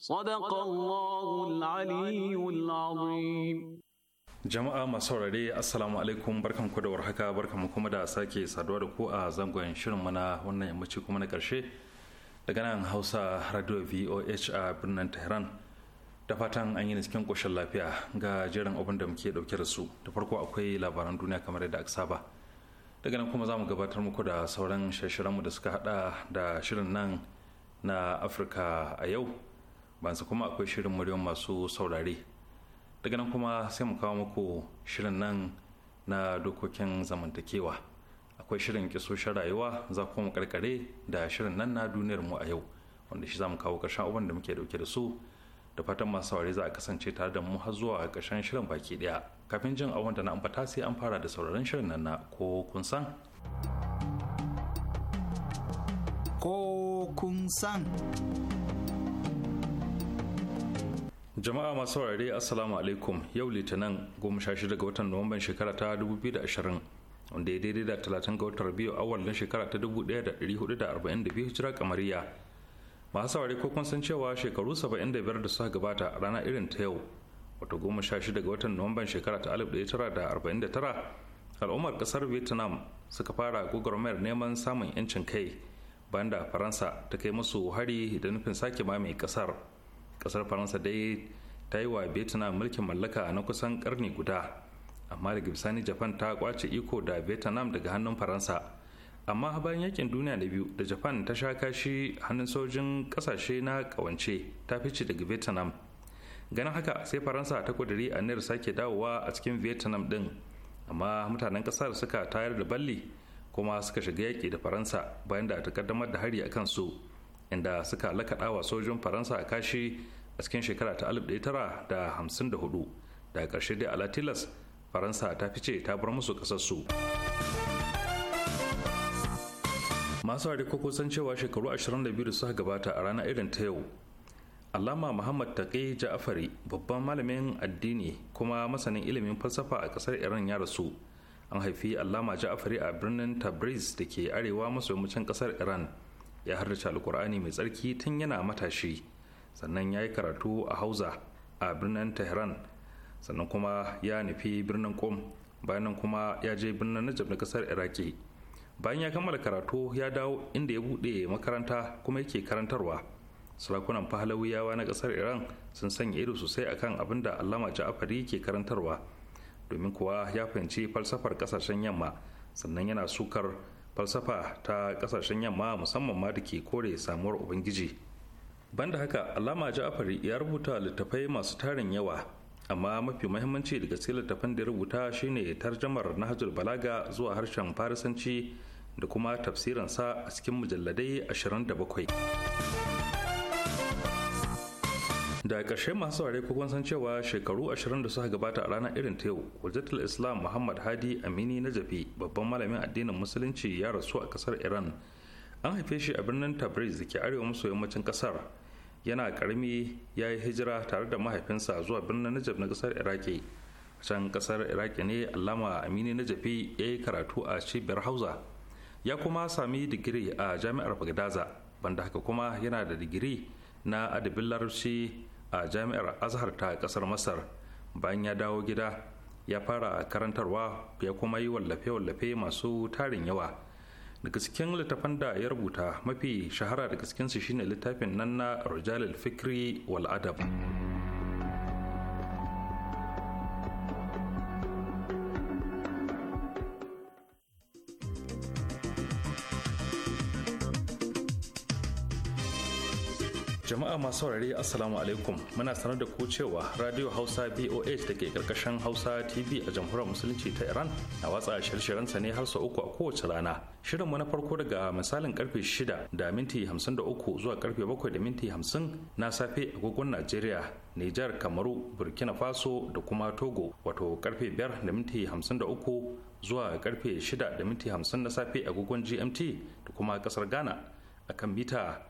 صدق الله العلي العظيم jama'a masu saurare assalamu alaikum barkan ku da warhaka barkan mu kuma da sake saduwa da ku a zangon shirin mana wannan yammaci kuma na karshe daga nan hausa radio voh a birnin tehran da fatan an yi cikin koshin lafiya ga jerin abin da muke dauke da su da farko akwai labaran duniya kamar yadda aka saba daga nan kuma zamu gabatar muku da sauran shirye mu da suka hada da shirin nan na afirka a yau bansu kuma akwai shirin muryar masu saurare daga nan kuma sai mu kawo muku shirin nan na dokokin zamantakewa akwai shirin kisoshin rayuwa za kuma mu karkare da shirin nan na duniyar mu a yau wanda shi za mu kawo ƙarshen abin da muke dauke da su da fatan masu saurare za a kasance tare da mu har zuwa ƙarshen shirin baki ɗaya kafin jin abin da na ambata sai an fara da sauraron shirin nan na ko kun san ko kun san jama'a masu saurare assalamu alaikum yau litinin 16 ga watan nuwamban shekara ta 2020 wanda ya daidai da 30 ga watan biyu a na shekara ta 1442 hijira kamariya masu saurare ko kun san cewa shekaru 75 da suka gabata a rana irin ta yau wato 16 ga watan nuwamban shekara ta 1949 al'ummar kasar vietnam suka fara gwagwarmayar neman samun 'yancin kai bayan da faransa ta kai musu hari da nufin sake mamaye kasar kasar faransa dai ta yi wa vietnam mulkin mallaka na kusan karni guda amma daga bisani japan ta kwace iko da vietnam daga hannun faransa amma bayan yakin duniya na biyu da japan ta sha kashi hannun sojin kasashe na kawance ta fice daga vietnam ganin haka sai faransa ta a aniyar sake dawowa a cikin vietnam din amma mutanen kasar suka tayar da balli kuma suka shiga yaƙi da faransa bayan da ta kaddamar da hari a kansu inda suka lakaɗa wa sojin faransa a kashi a cikin shekara ta 1954 daga ƙarshe dai alatilas faransa ta fi ce ta bar musu ƙasarsu masu hari ko kusan cewa shekaru 22 da suka gabata a ranar irin ta yau alama Muhammad Taqi Ja'afari babban malamin addini kuma masanin ilimin falsafa a ƙasar Iran ya rasu. An haifi alama Ja'afari a birnin Tabriz da ke arewa maso yammacin ƙasar Iran ya harrace alkur'ani mai tsarki tun yana matashi sannan ya yi karatu a hauza a birnin tehran sannan kuma ya nufi birnin kom bayan nan kuma ya je birnin najab na kasar iraki bayan ya kammala karatu ya dawo inda ya buɗe makaranta kuma yake karantarwa sarakunan fahalawiyawa na kasar iran sun sanya ido sosai akan abin da allama ja'afari ke karantarwa domin kuwa ya fahimci falsafar kasashen yamma sannan yana sukar falsafa ta kasashen yamma musamman ma da ke kore samuwar ubangiji banda haka alama ja'afari ya rubuta littafai masu tarin yawa amma mafi mahimmanci daga cikin littattafan da rubuta shine tarjamar nahajar balaga zuwa harshen farisanci da kuma tafsirinsa a cikin mujalladai 27 da ƙarshe masu saurare ko san cewa shekaru 20 da suka gabata a ranar irin ta yau hujjatul islam muhammad hadi amini najafi babban malamin addinin musulunci ya rasu a ƙasar iran an haife shi a birnin tabriz da ke arewa maso yammacin ƙasar yana ƙarami ya yi hijira tare da mahaifinsa zuwa birnin najaf na ƙasar iraki a can ƙasar iraki ne alama amini najafi ya yi karatu a cibiyar hausa ya kuma sami digiri a jami'ar bagdaza banda haka kuma yana da digiri na adabin larabci a jami'ar azhar ta kasar masar bayan ya dawo gida ya fara karantarwa ya kuma yi wallafe-wallafe masu tarin yawa da cikin littafan da ya rubuta mafi shahara da cikinsu shine littafin nan na rujalil fikri wal adab jama'a masu saurare assalamu alaikum muna sanar da ku cewa radio hausa boh da ke karkashin hausa tv a jamhuriyar musulunci ta iran na watsa shirye sa ne har sau uku a kowace rana shirinmu na farko daga misalin karfe shida da minti 53 zuwa karfe bakwai da minti 50 na safe agogon najeriya nijar kamaru burkina faso da kuma togo wato karfe 5 da minti 53 zuwa karfe shida da minti 50 na safe agogon gmt da kuma kasar ghana akan bita.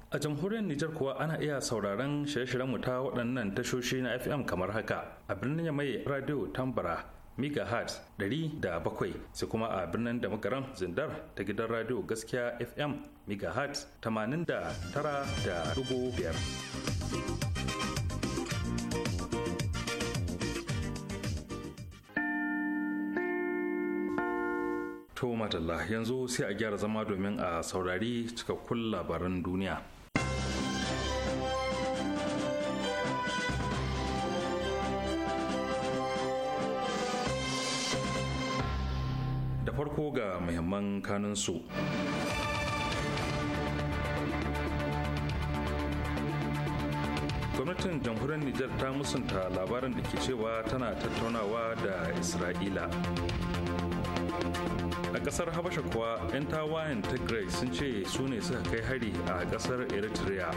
A jamhuriyar Nijar kuwa ana iya sauraron shirye-shiryen mu ta waɗannan tashoshi na FM kamar haka a birnin mai radio Tambara megahertz 107 sai kuma a birnin da makaran zindar ta gidan radio gaskiya FM megahertz 89.5. To madalla yanzu sai a gyara zama domin a saurari cikakkun labaran duniya. ga muhimman kanunsu. gwamnatin jamhuriyar nijar ta musanta labarin da ke cewa tana tattaunawa da isra'ila a ƙasar habasha kuwa 'yan tawayen tigray sun ce su ne suka kai hari a ƙasar eritrea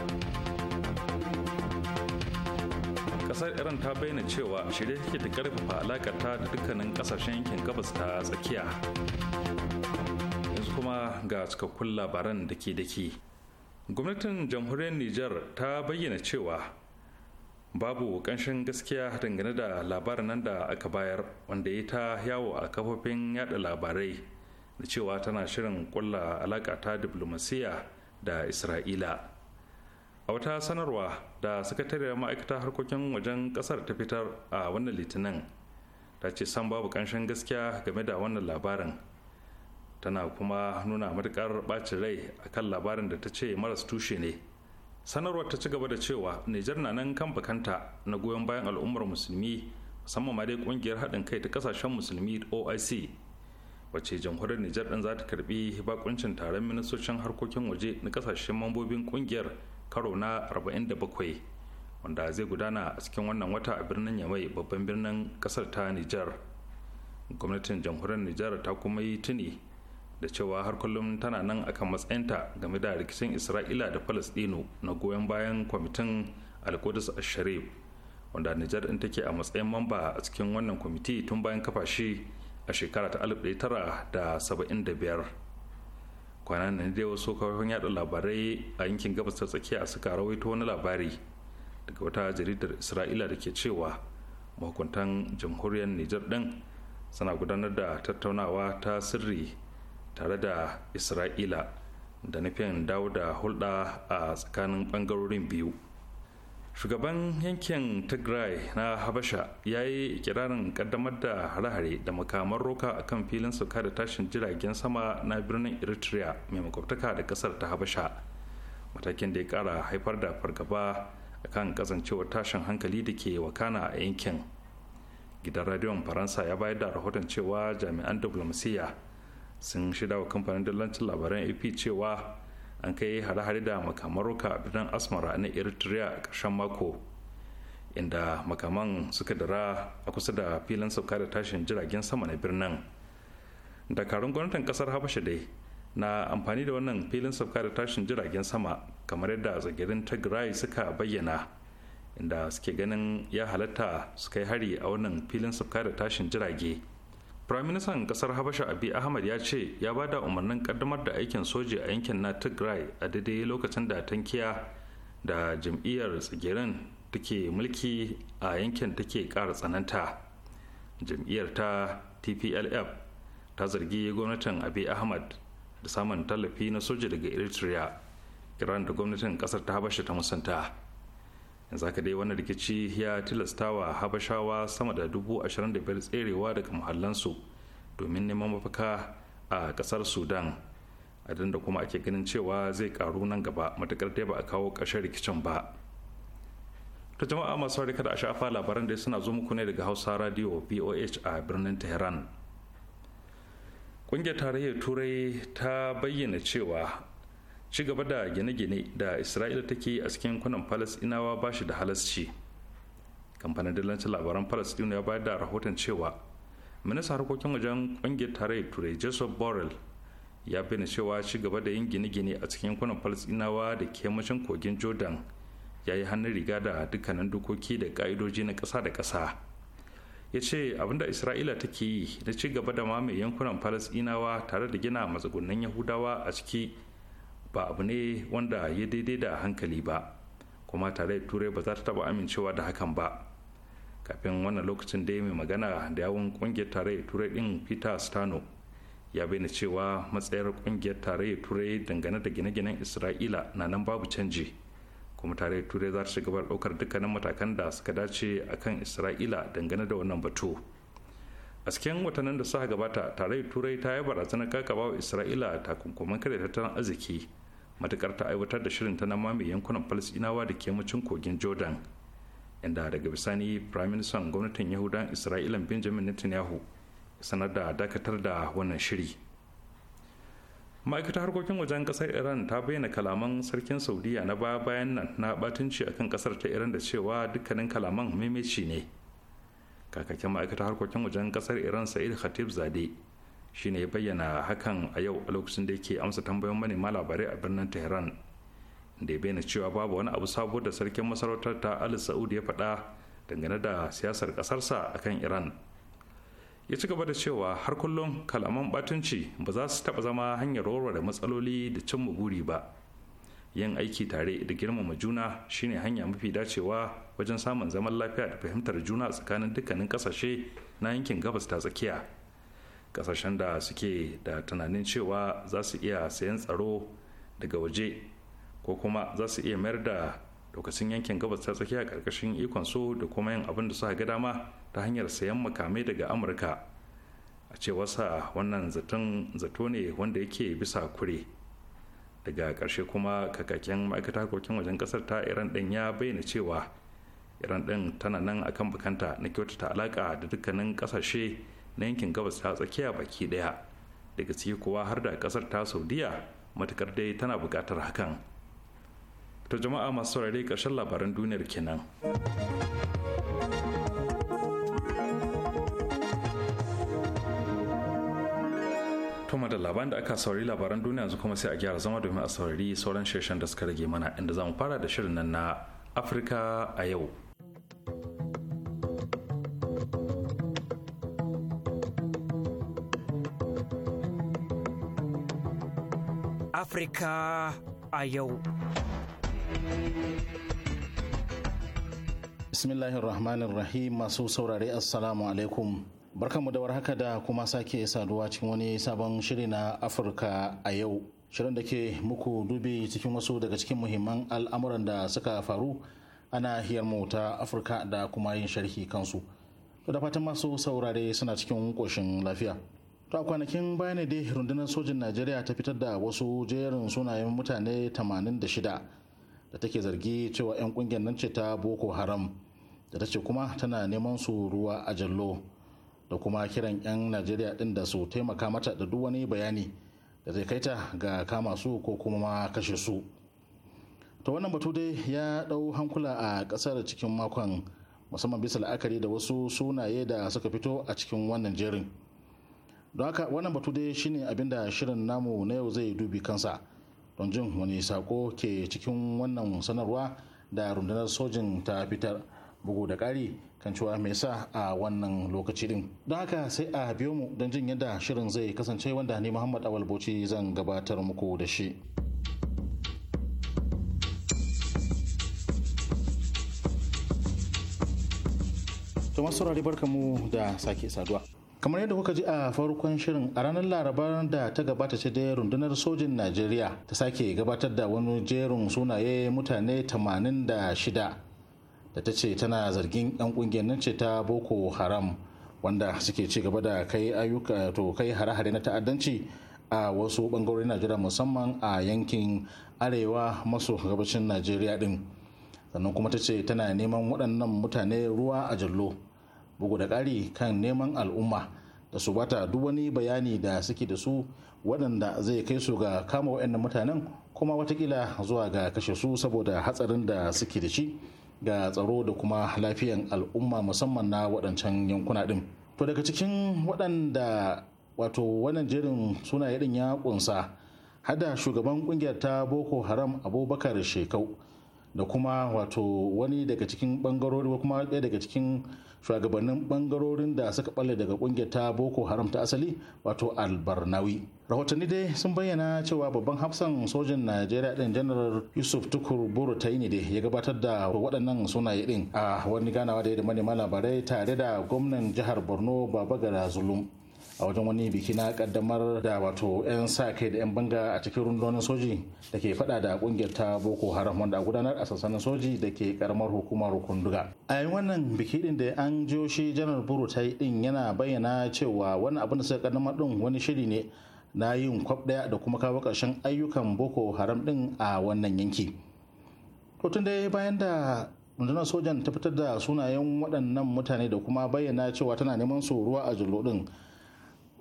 kasar iran ta bayyana cewa shirye take ta karfafa alakarta da dukkanin kasashen yankin gabas ta tsakiya yanzu kuma ga cikakkun labaran da ke dake gwamnatin jamhuriyar niger ta bayyana cewa babu ƙanshin gaskiya dangane da labarin nan da aka bayar wanda ya ta yawo a kafofin yada labarai da cewa tana shirin kulla alaka ta diplomasiya da isra'ila a wata sanarwa da sakatariyar ma'aikata harkokin wajen kasar ta fitar a wannan litinin ta ce san babu kanshin gaskiya game da wannan labarin tana kuma nuna matukar ɓacin rai a kan labarin da ta ce maras tushe ne sanarwar ta ci gaba da cewa nijar na nan kan bakanta na goyon bayan al'ummar musulmi musamman ma dai kungiyar haɗin kai ta kasashen musulmi oic wacce jamhuriyar nijar ɗin za ta karbi bakuncin taron ministocin harkokin waje na kasashen mambobin kungiyar karo na 47 wanda zai gudana a cikin wannan wata a birnin yamai babban birnin kasar ta nijar gwamnatin jamhuriyar nijar ta kuma yi tuni da cewa har kullum tana nan akan matsayinta game da rikicin isra'ila da palestino na goyon bayan kwamitin alkudus asharif wanda nijar din take a matsayin mamba a cikin wannan kwamiti tun bayan kafa shi a shekara ta 1975 kwanan nan dai wasu kafofin yada labarai a yankin gabas ta tsakiya suka rawaito wani labari daga wata jaridar isra'ila da ke cewa mahukuntan jamhuriyar nijar din suna gudanar da tattaunawa ta sirri tare da isra'ila da nufin dawo da hulɗa a tsakanin ɓangarorin biyu shugaban yankin tigray na habasha ya yi kirarin kaddamar da hare-hare da makaman roka a kan filin sauka da tashin jiragen sama na birnin eritrea mai makwabtaka da kasar ta habasha matakin da ya kara haifar da fargaba a kan kasancewar tashin hankali da ke wakana a yankin gidan radiyon faransa ya bayar da rahoton cewa jami'an diflomasiyya sun shida wa kamfanin dillancin labaran ap cewa an kai hare-hare da makaman roka a birnin asmara na eritrea karshen mako inda makaman suka dara a kusa da filin sauka da tashin jiragen sama na birnin dakarun gwamnatin kasar habasha dai na amfani da wannan filin sauka da tashin jiragen sama kamar yadda tsagirin tigray suka bayyana inda suke ganin ya halatta su kai hari a wannan filin sauka da tashin jirage Minister kasar habasha abi ahmad ya ce ya ba da umarnin kaddamar da aikin soji a yankin na tigray a daidai lokacin da tankiya da jam'iyyar tsigirin take mulki a yankin take ƙara tsananta jam'iyyar ta tplf ta zargi gwamnatin abi ahmad da samun tallafi na soji daga eritrea iran da gwamnatin kasar ta habasha ta musanta yanzu haka dai wani rikici ya tilastawa habashawa sama da dubu ashirin da biyar tserewa daga muhallansu domin neman mafaka a kasar sudan a da kuma ake ganin cewa zai karu nan gaba matukar dai ba a kawo ƙarshen rikicin ba ta jama'a masu harika da shafa labaran da suna zo muku ne daga hausa radio boh a birnin tehran ƙungiyar tarayyar turai ta bayyana cewa ci gaba da gine-gine da isra'ila take a cikin kwanan falasɗinawa ba shi da halasci kamfanin dillancin labaran falasɗinu ya bayar da rahoton cewa minista harkokin wajen ƙungiyar tare turai joseph borrell ya bayyana cewa ci gaba da yin gine-gine a cikin yankunan falasɗinawa da kemashin kogin jordan ya yi hannun riga da dukkanin dokoki da ƙa'idoji na ƙasa da ƙasa ya ce abinda isra'ila take yi na ci gaba da mamaye yankunan falasɗinawa tare da gina matsugunan yahudawa a ciki ba abu ne wanda ya daidai da hankali ba kuma tare turai ba za ta taba amincewa da hakan ba kafin wannan lokacin da dai mai magana da yawon kungiyar tarayyar turai din peter stano ya bayyana cewa matsayar kungiyar tarayyar turai dangane da gine-ginen isra'ila na nan babu canji kuma tarayyar turai za ta ci gaba daukar dukkanin matakan da suka dace akan isra'ila dangane da wannan batu a cikin watannin da suka gabata tarayyar turai ta yi barazanar kakabawa isra'ila takunkuman kare tattalin arziki matukar ta aiwatar da shirin ta na mamaye yankunan falasinawa da ke mucin kogin jordan inda daga bisani prime minister gwamnatin yahudan isra'ilan benjamin netanyahu sanar da dakatar da wannan shiri ma'aikatar harkokin wajen kasar iran ta bayyana kalaman sarkin saudiya na baya bayan nan na batunci kan kasar ta iran da cewa dukkanin kalaman maimaici ne kakakin ma'aikatar harkokin wajen kasar iran sa'id khatib zade shine ya bayyana hakan a yau a lokacin da yake amsa tambayoyin manema labarai a birnin tehran da ya bayyana cewa babu wani abu sabo da sarkin masarautar ta ali sa'ud ya faɗa dangane da siyasar ƙasarsa a kan iran ya ci gaba da cewa har kullum kalaman batunci ba za su taɓa zama hanyar warware matsaloli da cin buri ba yin aiki tare da girmama juna shine hanya mafi dacewa wajen samun zaman lafiya da fahimtar juna tsakanin dukkanin ƙasashe na yankin gabas ta tsakiya kasashen da suke da tunanin cewa za su iya sayan tsaro daga waje ko kuma za su iya mayar da lokacin yankin gabas ta tsakiya karkashin ikon su da kuma yin abin da suka ga dama ta hanyar sayan makamai daga amurka a wasa wannan zaton zato ne wanda yake bisa kure daga ƙarshe kuma kakakin ma'aikata harkokin wajen ƙasar ta iran ɗin ya bayyana cewa iran ɗin tana nan akan bukanta na kyautata alaƙa da dukkanin ƙasashe na yankin gabas ta tsakiya baki daya daga ciki kuwa har da kasar ta saudiya matukar dai tana bukatar hakan ta jama'a masu saurare karshen labaran duniyar kenan kuma da labaran da aka saurari labaran duniya yanzu kuma sai a gyara zama domin a saurari sauran sheshen da suka rage mana inda zamu fara da shirin nan na afirka a yau Afrika a yau. Bismillahir Rahmanir Rahim masu saurare Assalamu alaikum. Barkanmu da warhaka da kuma sake saduwa cikin wani sabon shiri na Afirka a yau. Shirin da ke muku dubi cikin wasu daga cikin muhimman al'amuran da suka faru ana hiyarmu ta Afirka da kuma yin sharhi kansu. Da fatan masu saurare suna cikin ƙoshin lafiya. to a kwanakin baya ne dai rundunar sojin najeriya ta fitar da wasu jerin sunayen mutane 86 da take zargi cewa 'yan kungiyar nan ce ta boko haram da ta ce kuma tana neman su ruwa a jallo da kuma kiran 'yan najeriya din da su taimaka mata da duk wani bayani da zai kaita ga kama su ko kuma ma kashe su ta wannan batu dai ya dau hankula a kasar cikin makon musamman bisa la'akari da wasu sunaye da suka fito a cikin wannan jerin. don haka wannan batu dai shine abinda shirin namu na yau zai dubi kansa don jin wani sako ke cikin wannan sanarwa da rundunar sojin ta fitar bugu da ƙari kan cewa mai sa a wannan lokaci din don haka sai a biyo mu don jin yadda shirin zai kasance wanda ni muhammad awal bauchi zan gabatar muku da shi to masu barkamu da sake saduwa kamar yadda kuka ji a farkon shirin a ranar larabar da ta gabata ce dai rundunar sojin najeriya ta sake gabatar da wani jerin sunaye mutane 86 da ta ce tana zargin 'yan kungiyar nan ce ta boko haram wanda suke ci gaba da kai ayyuka to kai hare-hare na ta'addanci a wasu bangarorin najeriya musamman a yankin arewa maso gabashin najeriya din sannan kuma ta ce tana neman waɗannan mutane ruwa a jallo bugu da ƙari kan neman al'umma da su bata duk wani bayani da suke da su waɗanda zai kai su ga kama wa'annan mutanen kuma watakila zuwa ga kashe su saboda hatsarin da suke da shi ga tsaro da kuma lafiyan al'umma musamman na waɗancan yankuna ɗin to daga cikin waɗanda wato wannan jerin sunaye ɗin ya ƙunsa hada shugaban ƙungiyar ta boko haram abubakar shekau da kuma wato wani daga cikin ɓangarori kuma ɗaya daga cikin shugabannin bangarorin da suka balle daga kungiyar ta boko haram ta asali wato albarnawi rahotanni dai sun bayyana cewa babban hafsan sojin najeriya din janar yusuf tukur buru ta ne dai. ya gabatar da waɗannan sunaye din a wani ganawa da ya da manema labarai tare da gwamnan jihar borno baba gara zulum a wajen wani biki na kaddamar da wato 'yan sa kai da 'yan banga a cikin rundunar soji da ke fada da kungiyar ta boko haram wanda a gudanar a sassanin soji da ke karamar hukumar kunduga a yayin wannan biki din da an jiyo shi janar buru ta yi din yana bayyana cewa wani abin da suka kaddamar din wani shiri ne na yin kwab daya da kuma kawo karshen ayyukan boko haram din a wannan yanki kotun dai bayan da rundunar sojan ta fitar da sunayen waɗannan mutane da kuma bayyana cewa tana neman su ruwa a jullo din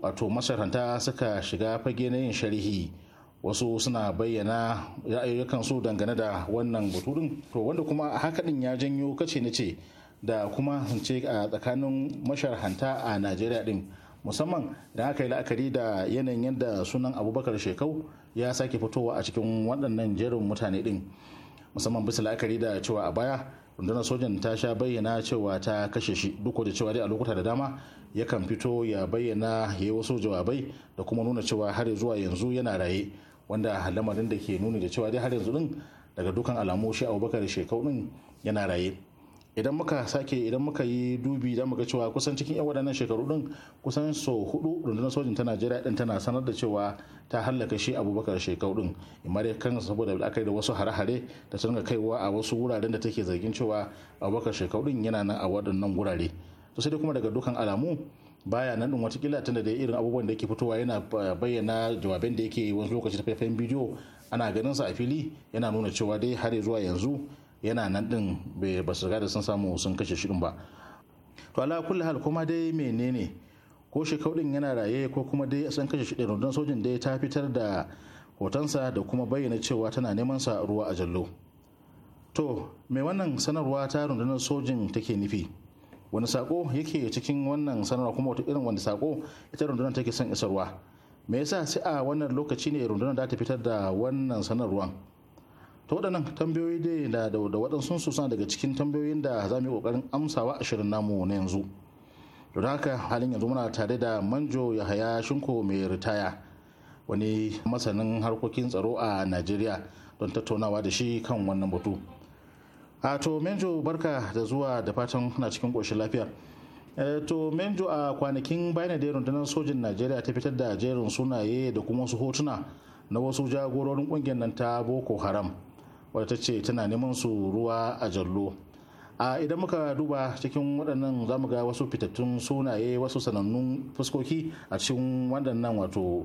wato masaranta suka shiga fage na yin sharhi wasu suna bayyana ra'ayoyin su dangane da wannan baturin to wanda kuma haka din ya janyo kace na ce da kuma ce a tsakanin masharhanta a najeriya din musamman da aka yi la'akari da yanayin yadda sunan abubakar shekau ya sake fitowa a cikin waɗannan jerin mutane din musamman bisa la'akari da cewa a baya rundunar sojan ta sha bayyana cewa ta kashe shi duk da cewa dai a lokuta da dama yakan fito ya bayyana ya yi wasu jawabai da kuma nuna cewa har zuwa yanzu yana raye wanda lamarin da ke nuni da cewa dai har yanzu din daga dukan alamu shi abubakar shekau din yana raye idan muka sake idan muka yi dubi za mu ga cewa kusan cikin yan waɗannan shekaru din kusan so hudu rundunar sojin ta najeriya din tana sanar da cewa ta hallaka shi abubakar shekaru din imar kan saboda aka yi da wasu hare-hare da sun kaiwa a wasu wuraren da take zargin cewa abubakar shekaru din yana nan a waɗannan wurare to sai dai kuma daga dukan alamu baya nan din watakila tunda da irin abubuwan da yake fitowa yana bayyana jawaben da yake wasu lokaci ta faifan bidiyo ana ganin sa a fili yana nuna cewa dai har zuwa yanzu yana nan din ba su da sun samu sun kashe shi ba to ala kulli hal kuma dai menene ko shi din yana raye ko kuma dai sun kashe shi rundunar sojin dai ta fitar da hotonsa da kuma bayyana cewa tana neman sa ruwa a jallo to me wannan sanarwa ta rundunar sojin take nufi wani sako yake cikin wannan sanarwa kuma wata irin wani sako ita rundunar take son isarwa me yasa sai a wannan lokaci ne rundunar da ta fitar da wannan sanarwar to waɗannan tambayoyi dai da da waɗansu suna daga cikin tambayoyin da za mu yi ƙoƙarin amsawa a shirin namu na yanzu don haka halin yanzu muna tare da manjo yahaya shinko mai ritaya wani masanin harkokin tsaro a najeriya don tattaunawa da shi kan wannan batu a to menjo barka da zuwa da fatan kuna cikin ƙoshin lafiya e, to menjo a kwanakin bayan da rundunar sojin najeriya ta fitar da jerin sunaye da kuma wasu hotuna na wasu jagororin ƙungiyar nan ta boko haram wadda ta ce tana neman su ruwa a jallo a idan muka duba cikin waɗannan za mu ga wasu fitattun sunaye wasu sanannun fuskoki a cikin waɗannan wato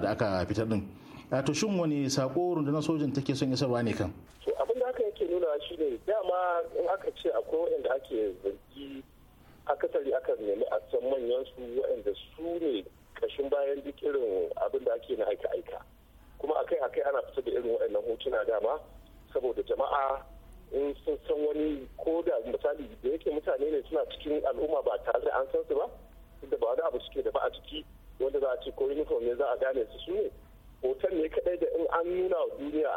da aka fitar din a to shin wani sako rundunar sojin take son isarwa ne kan abin da aka yake nuna shi ne dama in aka ce akwai waɗanda ake zargi akasari aka nemi a san manyan su waɗanda su ne kashin bayan duk irin abin da ake na aika-aika kuma akai-akai ana fitar da irin waɗannan hotuna dama saboda jama'a in sun san wani ko da misali da yake mutane ne suna cikin al'umma ba tare da an san su ba da ba wani abu suke da ba a ciki wanda za a ce ko uniform ne za a gane su su ne hoton ne kadai da in an nuna wa duniya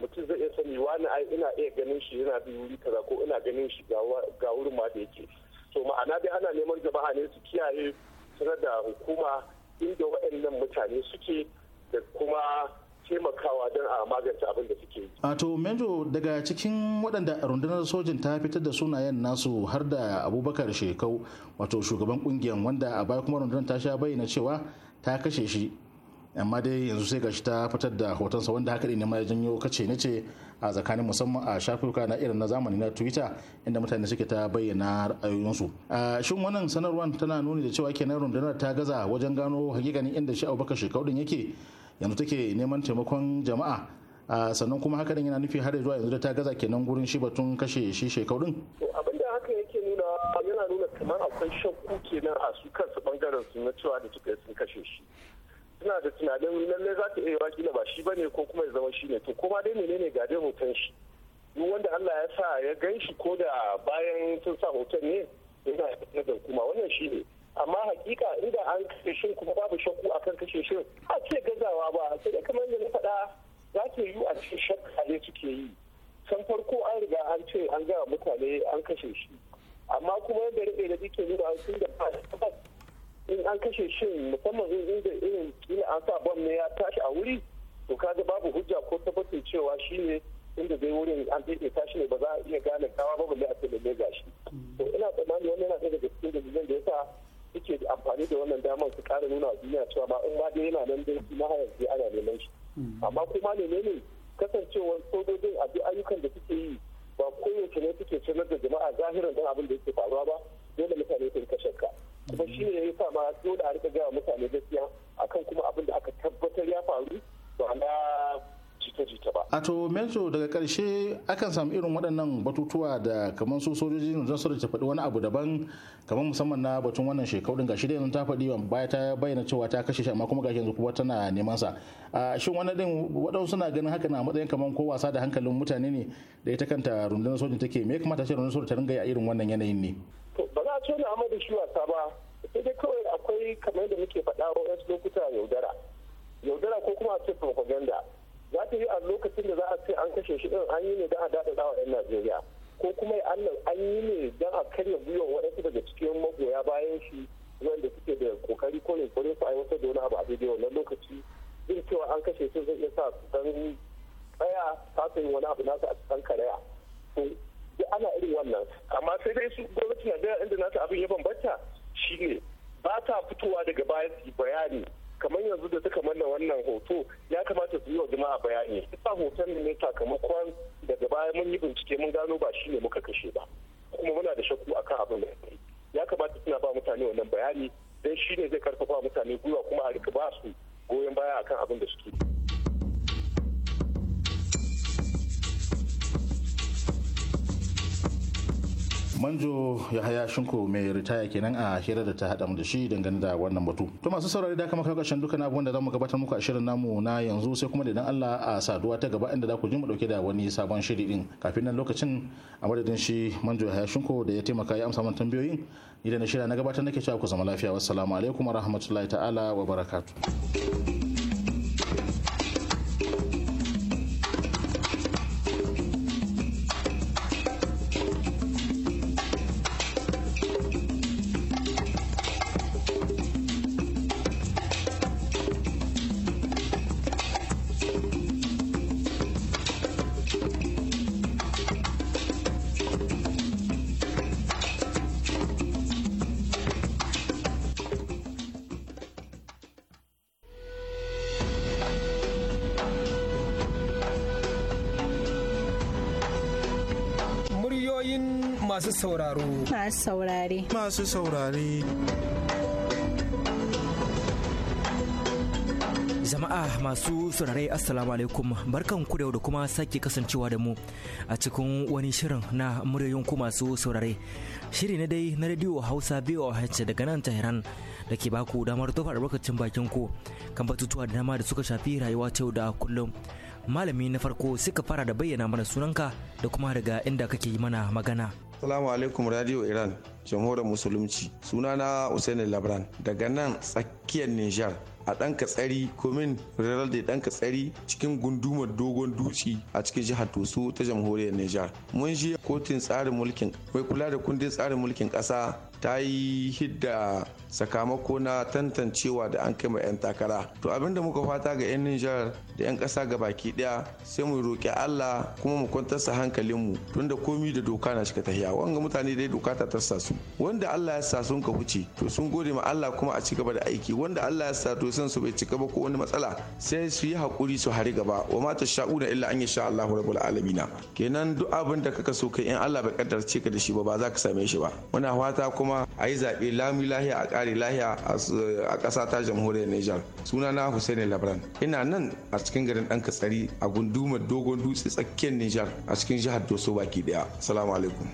mutum zai iya sani wani ai ina iya ganin shi yana bi wuri kaza ko ina ganin shi ga wurin ma da yake to ma'ana dai ana neman jama'a ne su kiyaye sanar da hukuma inda waɗannan mutane suke da kuma taimakawa don a magance abin da suke yi. to daga cikin waɗanda rundunar sojin ta fitar da sunayen nasu har da Abubakar Shekau wato shugaban kungiyar wanda a baya kuma rundunar ta sha bayyana cewa ta kashe shi amma dai yanzu sai gashi ta fitar da hotonsa wanda haka ne ma ya janyo kace ne ce a tsakanin musamman a shafuka na irin na zamani na twitter inda mutane suke ta bayyana ra'ayoyinsu shin wannan sanarwar tana nuni da cewa kenan rundunar ta gaza wajen gano hakikanin inda shi abubakar shekau din yake yanzu take neman taimakon jama'a sannan kuma haka yana nufi har zuwa yanzu da ta gaza kenan gurin shi batun kashe shi shekarun abin da haka yake nuna yana nuna kamar akwai shakku kenan a su bangaren su na cewa da suka sun kashe shi suna da tunanin lalle za ta iya wakila ba shi bane ko kuma ya zama shi ne to kuma dai ne ga dai hoton shi duk wanda Allah ya sa ya gan shi ko da bayan sun sa hoton ne yana da kuma wannan shi ne amma hakika inda an kashe shin kuma babu shakku akan kashe shin a ce gazawa ba sai da kamar da na faɗa za ta yi a cikin shakka ne suke yi san farko an riga an ce an gaya mutane an kashe shi amma kuma yadda rike da duke nuna sun da in an kashe shin musamman in inda irin ina an sa bom ne ya tashi a wuri to kaga babu hujja ko tabbacin cewa shi ne inda zai wurin an dade tashi ne ba za a iya gane kawa ba balle a ce da shi to ina tsammani wani yana daga cikin dalilan da yasa suke amfani da wannan damar su kara nuna a duniya cewa ba in ba dai yana nan dai su mahayar dai ana neman shi hmm. amma kuma ne ne kasancewar sojojin a duk ayyukan da suke yi ba koyaushe ne suke sanar da jama'a zahirin don abin da yake faruwa ba dole mutane su rika shakka kuma shi ne ya sa ma dole a rika gaya mutane gaskiya akan kuma abin da aka tabbatar ya faru ba na jita-jita ba. A to Melzo daga karshe akan samu irin waɗannan batutuwa da kamar su sojoji don su ta faɗi wani abu daban kamar musamman na batun wannan shekau ɗin gashi da yanzu ta faɗi baya ta bayyana cewa ta kashe shi amma kuma gashi yanzu kuma tana neman sa. Shin wani ɗin waɗansu suna ganin haka na matsayin kamar ko wasa da hankalin mutane ne da ita kanta rundunar sojin take me ya kamata ce rundunar sojin ta ringa a irin wannan yanayin ne. Ba za a ce na amma da shi wasa ba sai dai kawai akwai kamar da muke faɗa wasu lokuta yaudara. yaudara ko kuma a ce propaganda za ta yi a lokacin da za a ce an kashe shi din an yi ne don a daɗaɗa wa 'yan najeriya ko kuma allah an yi ne don a karya gwiwar waɗansu daga cikin magoya bayan shi wanda suke da kokari ko ne kore su yi wata abu a daidai wannan lokaci zai cewa an kashe su zai iya sa su san tsaya sasin wani abu nasu a cikin karaya ko duk ana irin wannan amma sai dai su gwamnati najeriya da nasu abin ya bambanta shine ba ta fitowa daga baya bayani kamar yanzu da suka manna wannan hoto ya kamata su yi wa jama'a bayani sa hoton ne sakamakon daga baya mun yi bincike mun gano ba shi ne muka kashe ba kuma muna da shakku akan abin da ya kamata suna ba mutane wannan bayani don shi ne zai karfafa mutane gwiwa kuma a rika ba su goyon baya akan abin da suke manjo ya haya shinko mai ritaya kenan a hira da ta haɗa da shi dangane da wannan batu to masu saurari da kama karkashin ƙarshen dukkan abubuwan da zamu gabatar muku a shirin namu na yanzu sai kuma da idan Allah a saduwa ta gaba inda za ku ji mu dauke da wani sabon shiri din kafin nan lokacin a madadin shi manjo ya haya shinko da ya taimaka ya amsa mun tambayoyin ni da na shirya na gabatar nake cewa ku zama lafiya wassalamu alaikum wa rahmatullahi ta'ala wa barakatuh masu sauraro masu saurare masu saurare jama'a masu saurare assalamu alaikum barkan ku da kuma sake kasancewa da mu a cikin wani shirin na muryoyin ku masu saurare shiri na dai na radio hausa voh daga nan tehran da ke baku damar tofa albarkacin bakin ku kan batutuwa da dama da suka shafi rayuwa ta da kullum malami na farko suka fara da bayyana mana sunanka da kuma daga inda kake yi mana magana Salamu alaikum Radio Iran, jamhuriyar Musulunci. suna na Usaini Labran daga nan tsakiyar Nijar. a ɗan katsari komin rural da ɗan katsari cikin gundumar dogon dutse a cikin jihar toso ta jamhuriyar nijar mun je kotun tsarin mulkin mai kula da kundin tsarin mulkin ƙasa ta yi hidda sakamako na tantancewa da an kai ma 'yan takara to abinda muka fata ga 'yan nijar da 'yan ƙasa baki ɗaya sai mu roƙi Allah kuma mu kwantar sa mu tunda komi da doka na shiga tahiya wanga mutane dai doka ta tassa su wanda Allah ya sa sun ka huce to sun gode ma Allah kuma a cigaba da aiki wanda Allah ya sa to san su bai cigaba ba ko wani matsala sai su yi hakuri su hari gaba wa ma sha'una illa an yasha Allah rabbul alamin kenan duk abin da kaka so kai in Allah bai kaddarce ka da shi ba ba za ka same shi ba muna fata kuma a yi zaɓe lami lahiya a ƙare lahiya a ƙasa ta jamhuriyar Nijar sunana Hussein Labran ina nan a cikin garin dan katsari a gundumar dogon dutse tsakiyar nijar a cikin jihar doso baki daya assalamu alaikum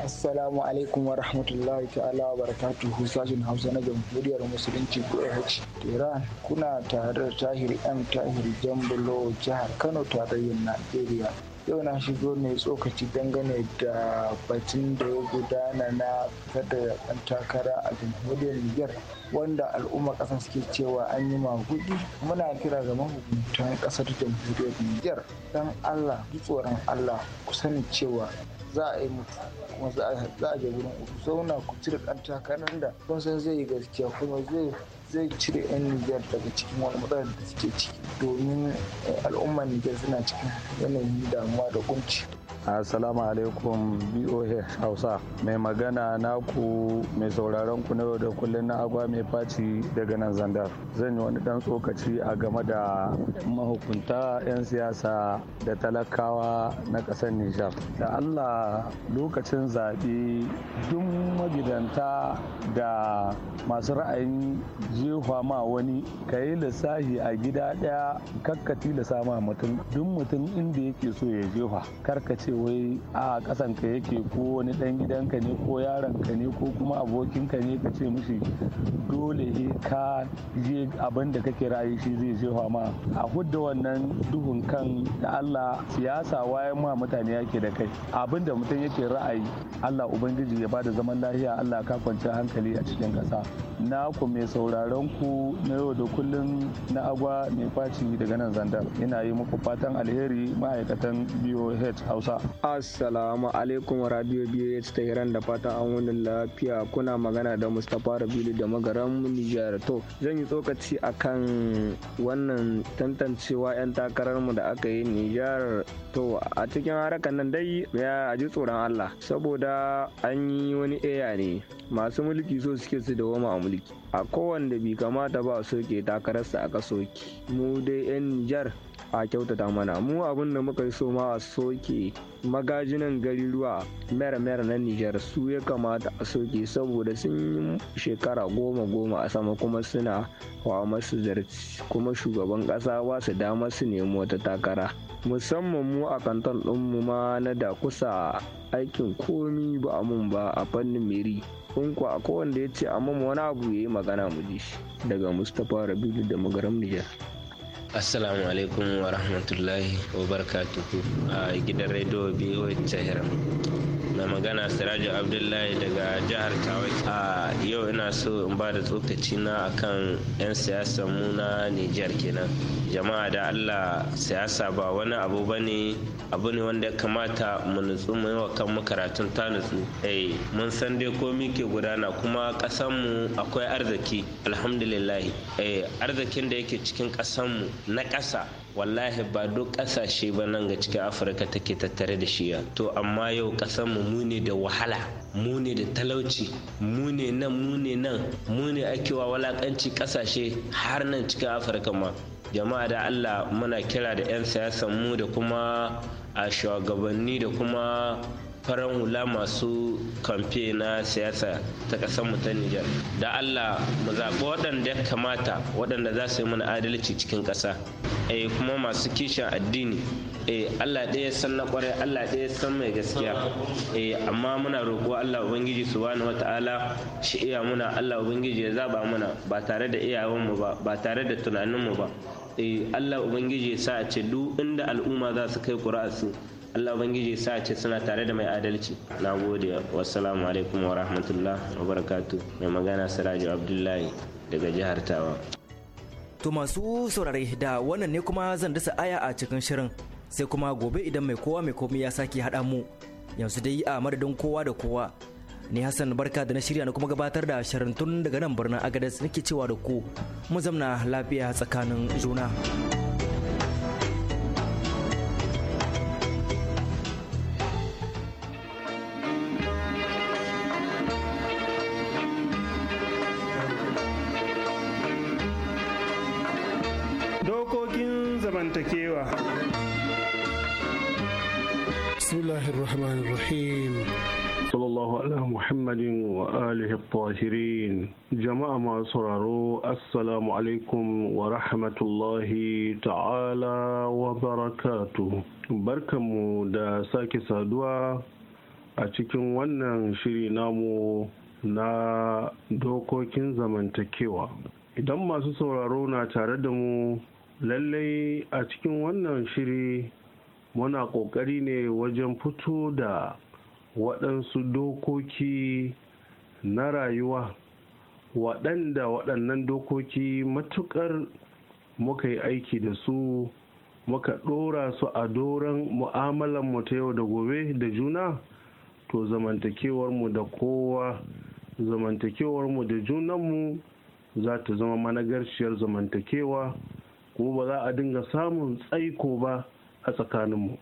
Assalamu alaikum wa rahmatullahi ta'ala wa barakatuhu sashen Hausa na Jamhuriyar Musulunci BH Tehran kuna tare da Tahir M Tahir Jambulo jihar Kano tarayyar Najeriya. yau na shigo ne tsokaci dangane da batun da ya gudana na fitar da ɗan takara a jamhuriyar niger wanda al'umma ƙasa suke cewa an yi magudi muna kira ga mahukuntan ƙasar jamhuriyar niger dan allah ji tsoron allah ku sani cewa za a yi mutu kuma za a je wurin ku zauna ku cire ɗan takarar da kun san zai yi gaskiya kuma zai zai cire 'yan Nijar daga cikin wani matsalar da suke ciki domin eh, al'ummar Nijar suna cikin yanayin damuwa da kunci. assalamu alaikum boh hausa mai magana naku mai sauraron ku na yau da kullum na agwa mai faci daga nan zandar zan yi wani dan tsokaci a game da mahukunta 'yan siyasa da talakawa na ƙasar nijar da allah lokacin zaɓe duk magidanta da masu ra'ayin jefa ma wani ka yi lissafi a gida ɗaya kakkati da sama mutum duk mutum inda yake so ya jefa karkace ce wai a kasan ka yake ko wani dan gidanka ne ko yaron ka ne ko kuma abokinka ne ka ce mishi dole ka je abin da kake ra'ayi shi zai je ma a hudda wannan duhun kan da Allah siyasa wayan ma mutane yake da kai abin da mutum yake ra'ayi Allah ubangiji ya bada zaman lafiya Allah ka kwanci hankali a cikin kasa na ku mai sauraron ku na yau da kullun na agwa mai faci daga nan zandar ina yi muku fatan alheri ma'aikatan BOH Hausa Assalamu alaikum radio BH ta Hiran da fatan an wani lafiya kuna magana da Mustapha Rabilu da magaran Nijar. To, zan yi tsokaci akan wannan tantancewa 'yan takararmu da aka yi Nijar. To, a cikin harakan nan dai ya ji tsoron Allah, saboda an yi wani eya ne masu mulki so suke su da a mulki. A kowanne bi kamata ba soke takararsa aka soke. Mu dai 'yan Nijar a kyautata mana mu abin da muka yi so ma a soke magajinan gariruwa mera-mera na nijar su ya kamata a soke saboda sun yi shekara goma goma a sama kuma suna wa masu zarci kuma shugaban kasa ba su dama su nemi wata takara musamman mu a kanton ɗinmu ma na da kusa aikin komi ba a mun ba a fannin meri in kuwa kowanne ya ce amma wani abu ya yi magana mu ji shi daga mustapha rabilu da magaram nijar assalamu alaikum wa rahmatullahi wa barakatuhu a gidan rediyo biyu tehran na magana siraju abdullahi daga jihar tawai a yau ina so in ba da tsokaci na akan 'yan siyasar mu na nijar kenan jama'a da allah siyasa ba wani abu ba ne abu ne wanda ya kamata mu nutsu mu yi wa kanmu karatun ta nutsu eh mun san dai komi ke gudana kuma mu akwai arziki alhamdulillah eh arzikin da yake cikin mu na ƙasa wallahi ba duk kasashe ba nan ga cikin afirka take tattare da shiya to amma yau ƙasanmu mu ne da wahala mu ne da talauci mu ne nan mu ne nan mu ne wa walakanci ƙasashe har nan cikin afirka ma jama'a da allah muna kira da 'yan siyasan mu da kuma a shugabanni da kuma farar hula masu kamfe na siyasa ta ƙasar mu ta Nijar. Da Allah mu zaɓi waɗanda ya kamata waɗanda za su yi mana adalci cikin ƙasa. Eh kuma masu kishin addini. Eh Allah ɗaya san na ƙwarai Allah ɗaya san mai gaskiya. Eh amma muna roƙo Allah Ubangiji su wata wata'ala shi iya muna Allah Ubangiji ya zaɓa mana ba tare da iyawanmu ba ba tare da tunaninmu ba. Eh Allah Ubangiji ya sa a ce duk inda al'umma za su kai ƙura'arsu Allah Ubangiji sa ce suna tare da mai adalci. Na gode, wassalamu alaikum wa rahmatullah wa barakatu. Mai magana Siraju Abdullahi daga jihar Tawa. To masu saurare da wannan ne kuma zan dasa aya a cikin shirin sai kuma gobe idan mai kowa mai komi ya sake haɗa mu yanzu dai a madadin kowa da kowa. Ni Hassan barka da na shirya na kuma gabatar da shirin tun daga nan birnin Agadez nake cewa da ku mu zamna lafiya tsakanin juna. masu sauraro, Assalamu alaikum wa rahmatullahi ورحمة ta'ala wa barakatu. barkanmu da sake saduwa a cikin wannan shiri namu na dokokin zamantakewa idan masu sauraro na tare da mu lallai a cikin wannan shiri muna ƙoƙari ne wajen fito da waɗansu dokoki na rayuwa waɗanda waɗannan dokoki matuƙar muka yi aiki da su muka ɗora su a doron mu ta yau da gobe da juna to zamantakewar mu da kowa zamantakewar mu da junanmu za ta zama managarciyar zamantakewa ko ba za a dinga samun tsaiko ba a tsakaninmu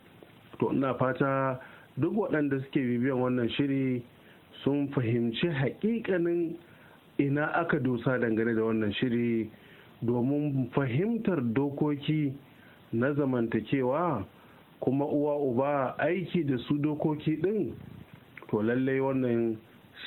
to ina fata duk waɗanda suke bibiyan wannan shiri sun fahimci hakikanin ina aka dosa dangane da wannan shiri domin fahimtar dokoki na zamantakewa kuma uwa uba aiki da su dokoki ɗin to lallai wannan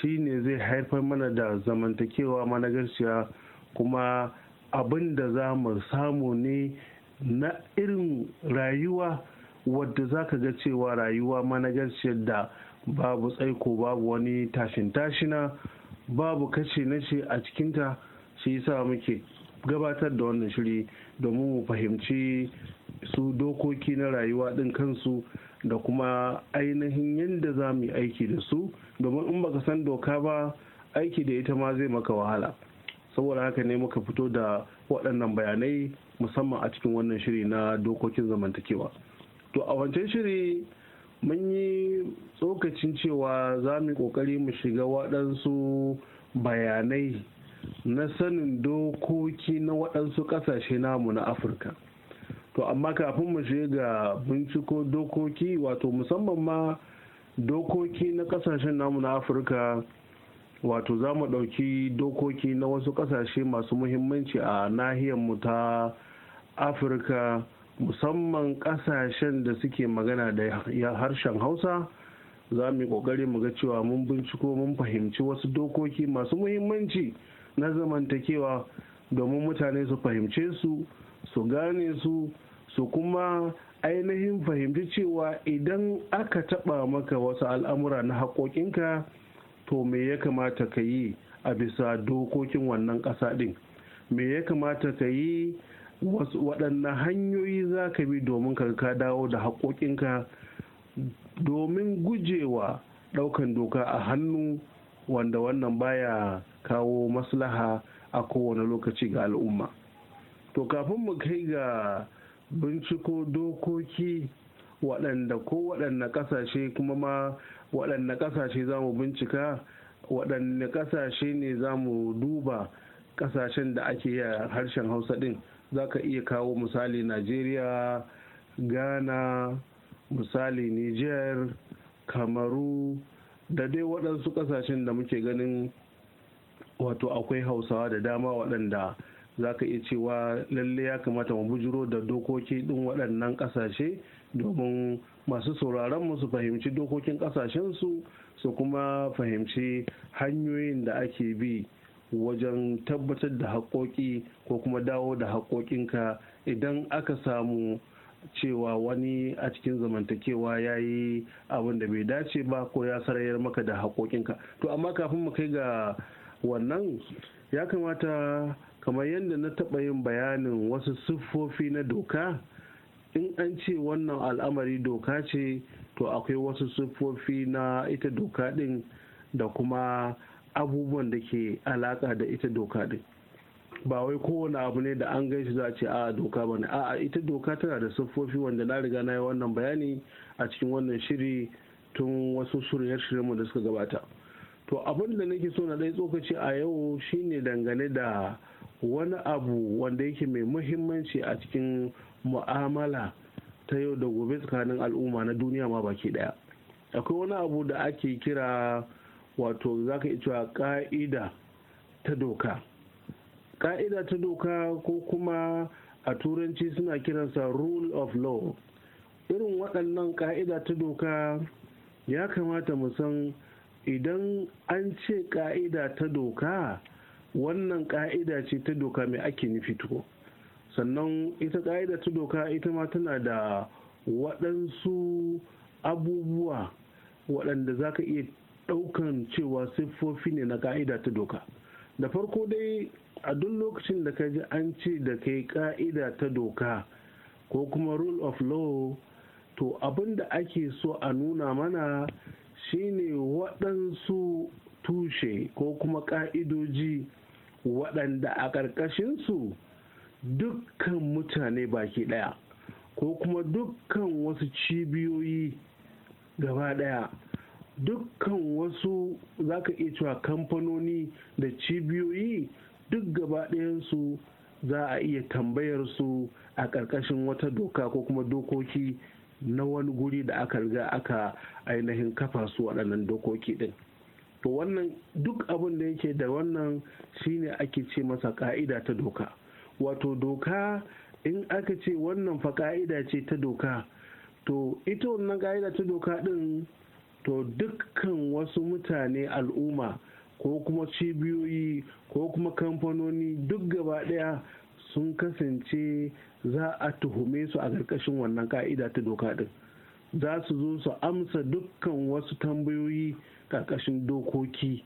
shi ne zai haifar mana da zamantakewa managarciya kuma abin da za mu samu ne na irin rayuwa wadda za ka ga cewa rayuwa managarciyar da babu tsaiko babu wani tashin tashina babu kashe na ce a cikinta shi yasa muke gabatar da wannan shiri domin mu fahimci su dokoki na rayuwa ɗin kansu da kuma ainihin yadda za mu yi aiki da su domin in baka san doka ba aiki da ita ma zai maka wahala saboda haka ne muka fito da waɗannan bayanai musamman a cikin wannan shiri na dokokin zamantakewa to a wancan shiri mun yi tsokacin cewa za mu kokari mu shiga waɗansu bayanai na sanin dokoki na waɗansu ƙasashe namu na afirka to amma kafin mu shiga ga binciko dokoki wato musamman ma dokoki na ƙasashen namu na afirka wato za mu ɗauki dokoki na wasu ƙasashe masu muhimmanci a nahiyarmu ta afirka musamman kasashen da suke magana da harshen hausa za mu yi kokari mu ga cewa mun binciko mun fahimci wasu dokoki masu muhimmanci na zamantakewa domin mutane su fahimce su su gane su su kuma ainihin fahimci cewa idan aka taba maka wasu al'amura na haƙoƙinka to me ya kamata ka yi a bisa dokokin wannan ƙasa ɗin me ya kamata ka yi waɗanne hanyoyi za ka bi domin ka dawo da haƙoƙinka domin gujewa ɗaukan doka a hannu wanda wannan baya kawo maslaha a kowane lokaci ga al'umma to kafin mu kai ga binciko dokoki waɗanda ko waɗanne ƙasashe kuma ma waɗanne ƙasashe za mu bincika waɗanne ƙasashe ne za mu duba ƙasashen da ake harshen hausa ɗin za ka iya kawo misali najeriya ghana misali niger kamaru da dai waɗansu ƙasashen da muke ganin wato akwai hausawa da dama waɗanda za ka iya cewa lalle ya kamata mu bujiro da dokoki ɗin waɗannan ƙasashe domin masu sauraron musu su fahimci dokokin ƙasashensu su kuma fahimci hanyoyin da ake bi wajen tabbatar da haƙoƙi ko kuma dawo da haƙoƙinka idan aka samu cewa wani a cikin zamantakewa ya yi abin da bai dace ba ko ya sarayar maka da haƙoƙinka to amma kafin mu kai ga wannan ya kamata kamar yadda na taɓa yin bayanin wasu siffofi na doka in an ce wannan al'amari doka ce to akwai wasu siffofi na ita doka ɗin da kuma abubuwan da ke alaka da ita doka din ba wai kowane abu ne da an gaishe za a ce a doka ba ne a ita doka tana da siffofi wanda na riga na yi wannan bayani a cikin wannan shiri tun wasu suriyar mu da suka gabata to abin da nake so na dai tsokaci a yau shine dangane da wani abu wanda yake mai muhimmanci a cikin mu'amala ta yau da gobe tsakanin al'umma na duniya ma baki ɗaya akwai wani abu da ake kira wato za ka cewa ƙa'ida ta doka ƙa'ida ta doka ko kuma a turanci suna kiransa rule of law irin waɗannan ƙa'ida ta doka ya kamata mu san idan an ce ƙa'ida ta doka wannan ƙa'ida ce ta doka mai ake nufi tuko sannan ita ƙa'ida ta doka ita ma tana da waɗansu abubuwa waɗanda za ka iya ɗaukan cewa siffofi ne na ka'ida ta doka da farko dai a duk lokacin da ka ji an ce da kai ka'ida ta doka ko kuma rule of law to abin da ake so a nuna mana shine waɗansu tushe ko kuma ka'idoji waɗanda a ƙarƙashinsu dukkan mutane baki ɗaya ko kuma dukkan wasu cibiyoyi gaba ɗaya dukkan wasu za ka iya cewa kamfanoni da cibiyoyi duk gaba su za a iya tambayar su a ƙarƙashin wata doka ko kuma dokoki na wani guri da aka riga aka ainihin kafa su waɗannan dokoki ɗin to wannan duk abin da yake da wannan shine ake ce masa ƙa'ida ta doka wato doka in aka ce wannan fa ƙa'ida ce ta doka to ita wannan ƙa'ida ta doka ɗin to dukkan wasu mutane al'umma ko kuma cibiyoyi ko kuma kamfanoni duk gaba ɗaya sun kasance za a tuhume su a ƙarƙashin wannan ka'ida ta doka din za su zo su amsa dukkan wasu tambayoyi ƙarƙashin dokoki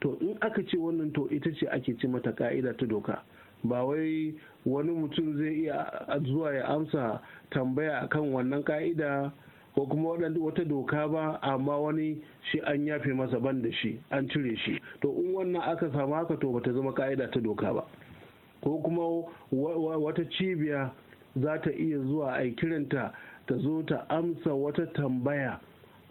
to in aka ce wannan to ita ce ake ci mata ka'ida ta doka ba wai wani mutum zai iya zuwa ya amsa tambaya kan wannan ka'ida ko kuma wata doka ba amma wani shi an yafe masa ban da shi an cire shi to in wannan aka samu haka to bata zama ka'ida ta doka ba ko kuma wata cibiya za ta iya zuwa a kiranta ta zo ta amsa wata tambaya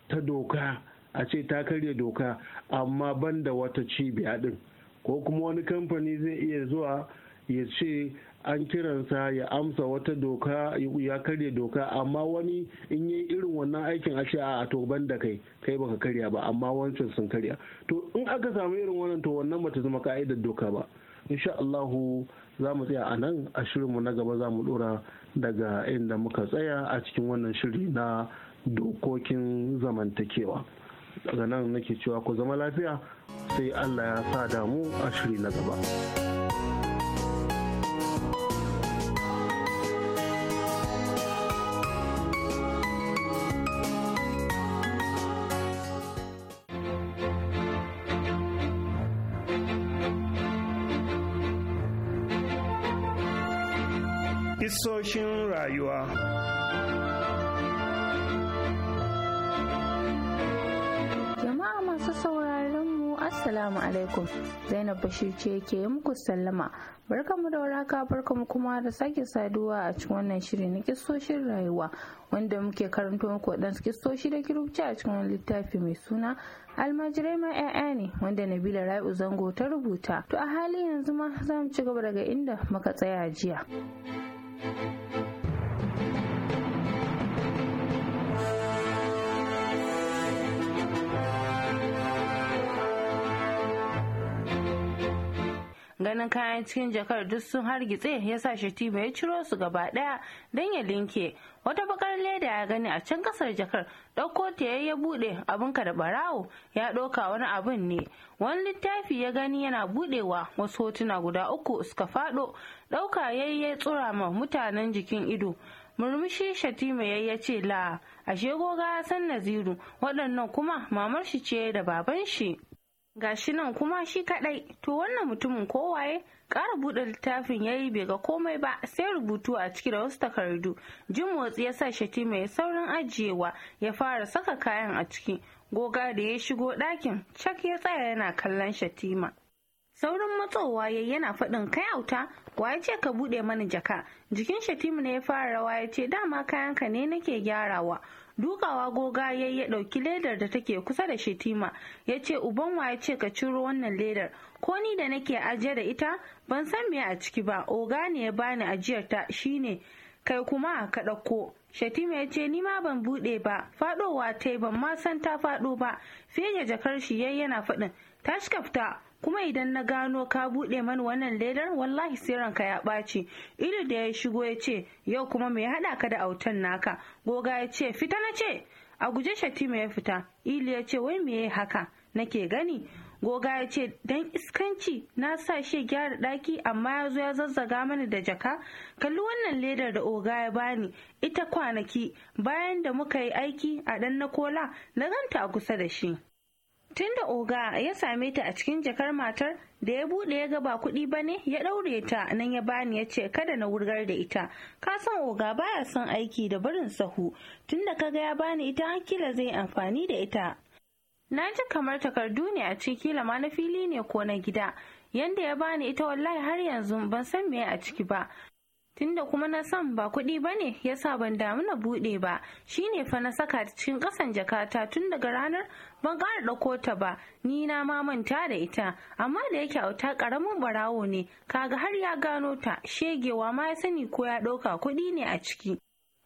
ta doka a ce ta karya doka amma ban da wata cibiya din ko kuma wani kamfani zai iya zuwa ya ce an kiransa ya amsa wata doka ya karya doka amma wani in yi irin wannan aikin a ce a to ban da kai kai baka karya ba amma wancan sun karya to in aka samu irin wannan to wannan bata zama ka'idar doka ba insha Allahu za mu tsaya a nan a shirinmu na gaba za mu dora daga inda muka tsaya a cikin wannan shiri na dokokin zamantakewa daga nan nake cewa ku zama lafiya sai Allah ya sa damu a shiri na gaba. rayuwa jama'a masu sauraron mu assalamu alaikum zainab bashir ce ke muku sallama barkamu da waraka barkamu kuma da sake saduwa a cikin wannan shiri na kistoshin rayuwa wanda muke karanto muku waɗansu kistoshi da kirubci a cikin wani littafi mai suna almajirai ma 'ya'ya ne wanda nabila rai'u zango ta rubuta to a halin yanzu ma za mu ci gaba daga inda muka tsaya jiya ganin kayan cikin jakar duk sun hargitse ya sa shatima ya ciro su gaba daya don ya linke wata bakar leda ya gani a can kasar jakar ɗauko ta ya buɗe ka da barawo ya ɗauka wani abin ne wani littafi ya gani yana buɗewa wasu hotuna guda uku suka faɗo ɗauka ya ya tsura ma mutanen jikin ido murmushi shatima ya ce la ashe goga san naziru waɗannan kuma mamar shi ce da baban shi Ga shi nan kuma shi kadai to wannan mutumin kowaye ƙara buɗe littafin ya yi bai ga komai ba sai rubutu a ciki da wasu takardu jin motsi ya sa shati mai saurin ajiyewa ya fara saka kayan a ciki goga da ya shigo ɗakin cak ya tsaya yana kallon shatima saurin matsowa ya yana faɗin kai auta wa ya ce ka buɗe mani jaka jikin shatima ne ya fara rawa ya ce dama kayanka ne nake gyarawa dukawa goga ya ya ɗauki ledar da take kusa da shetima ya ce uban wa ya ce ka ciro wannan ledar ko ni da nake ajiye da ita ban san me a ciki ba oga ne ya bani ajiyar ta shine kai kuma ka ɗauko Shatima ya ce ni ma ban buɗe ba faɗowa ta ban ma san ta faɗo ba fiye jakar shi yayi yana faɗin Ta fita kuma idan na gano ka buɗe mani wannan ledar wallahi sai ranka ya ɓaci ido da ya shigo ya ce yau kuma mai haɗa ka da autan naka goga ya ce fita na ce a guje shatima ya fita ili ya ce wai meye haka nake gani goga ya ce dan iskanci na sa shi gyara ɗaki, amma ya zo ya zazzaga mani da jaka kalli wannan ledar da oga ya bani ita kwanaki bayan da muka yi aiki a ɗan na kola na ganta a kusa da shi tunda oga ya same ta a cikin jakar matar da ya bude ya ga ba kuɗi ba ne ya ɗaure ta nan ya bani ya ce kada na wurgar da ita ka san oga baya son aiki da barin sahu tunda da ga ya bani ita hankila zai amfani da ita na ji kamar takardu ne a ciki kila na fili ne ko na gida yanda ya bani ita wallahi har yanzu ban san me a ciki ba tunda kuma na san ba kuɗi ba ne ya sa ban damu na buɗe ba shine fa na saka ta cikin ƙasan jakata tun daga ranar ban ƙara ɗauko ta ba ni na ma manta da ita amma da yake auta ƙaramin barawo ne kaga har ya gano ta shegewa ma ya sani ko ya ɗauka kuɗi ne a ciki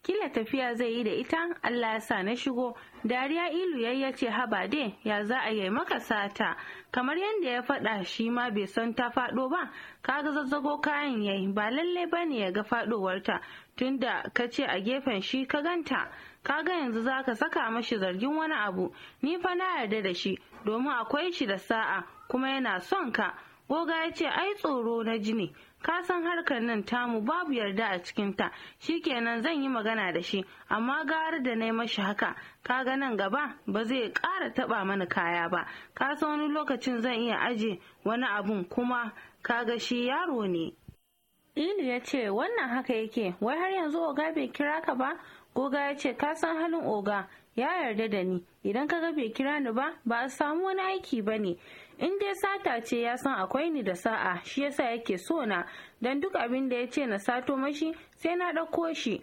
kila tafiya zai yi da ita Allah ya sa na shigo dariya ilu ya ce haba dai ya za a yi maka sata kamar yadda ya faɗa shi ma bai san ta faɗo ba kaga zazzago kayan yayi ba lalle ba ne ya ga faɗowarta tunda ka ce a gefen shi ka ganta Ka ga yanzu za ka saka mashi zargin wani abu ni fa na yarda da shi domin akwai shi da sa'a kuma yana son ka goga ya ce ai tsoro na jini. ka san harkar nan tamu babu yarda a cikinta kenan zan yi magana da shi amma gara da na mashi haka kaga nan gaba ba zai ƙara taɓa mana kaya ba kasan wani lokacin zan iya aje wani abun kuma kaga shi yaro ne ilu ya ce wannan haka yake wai har yanzu oga bai kira ka ba goga ya ce ka san halin oga ya yarda da ni idan kaga bai kira ni ba ba a samu wani aiki ba ne in dai sata ce ya san akwai ni da sa'a shi yasa yake so na dan duk abin da ya ce na sato mashi sai na ɗauko shi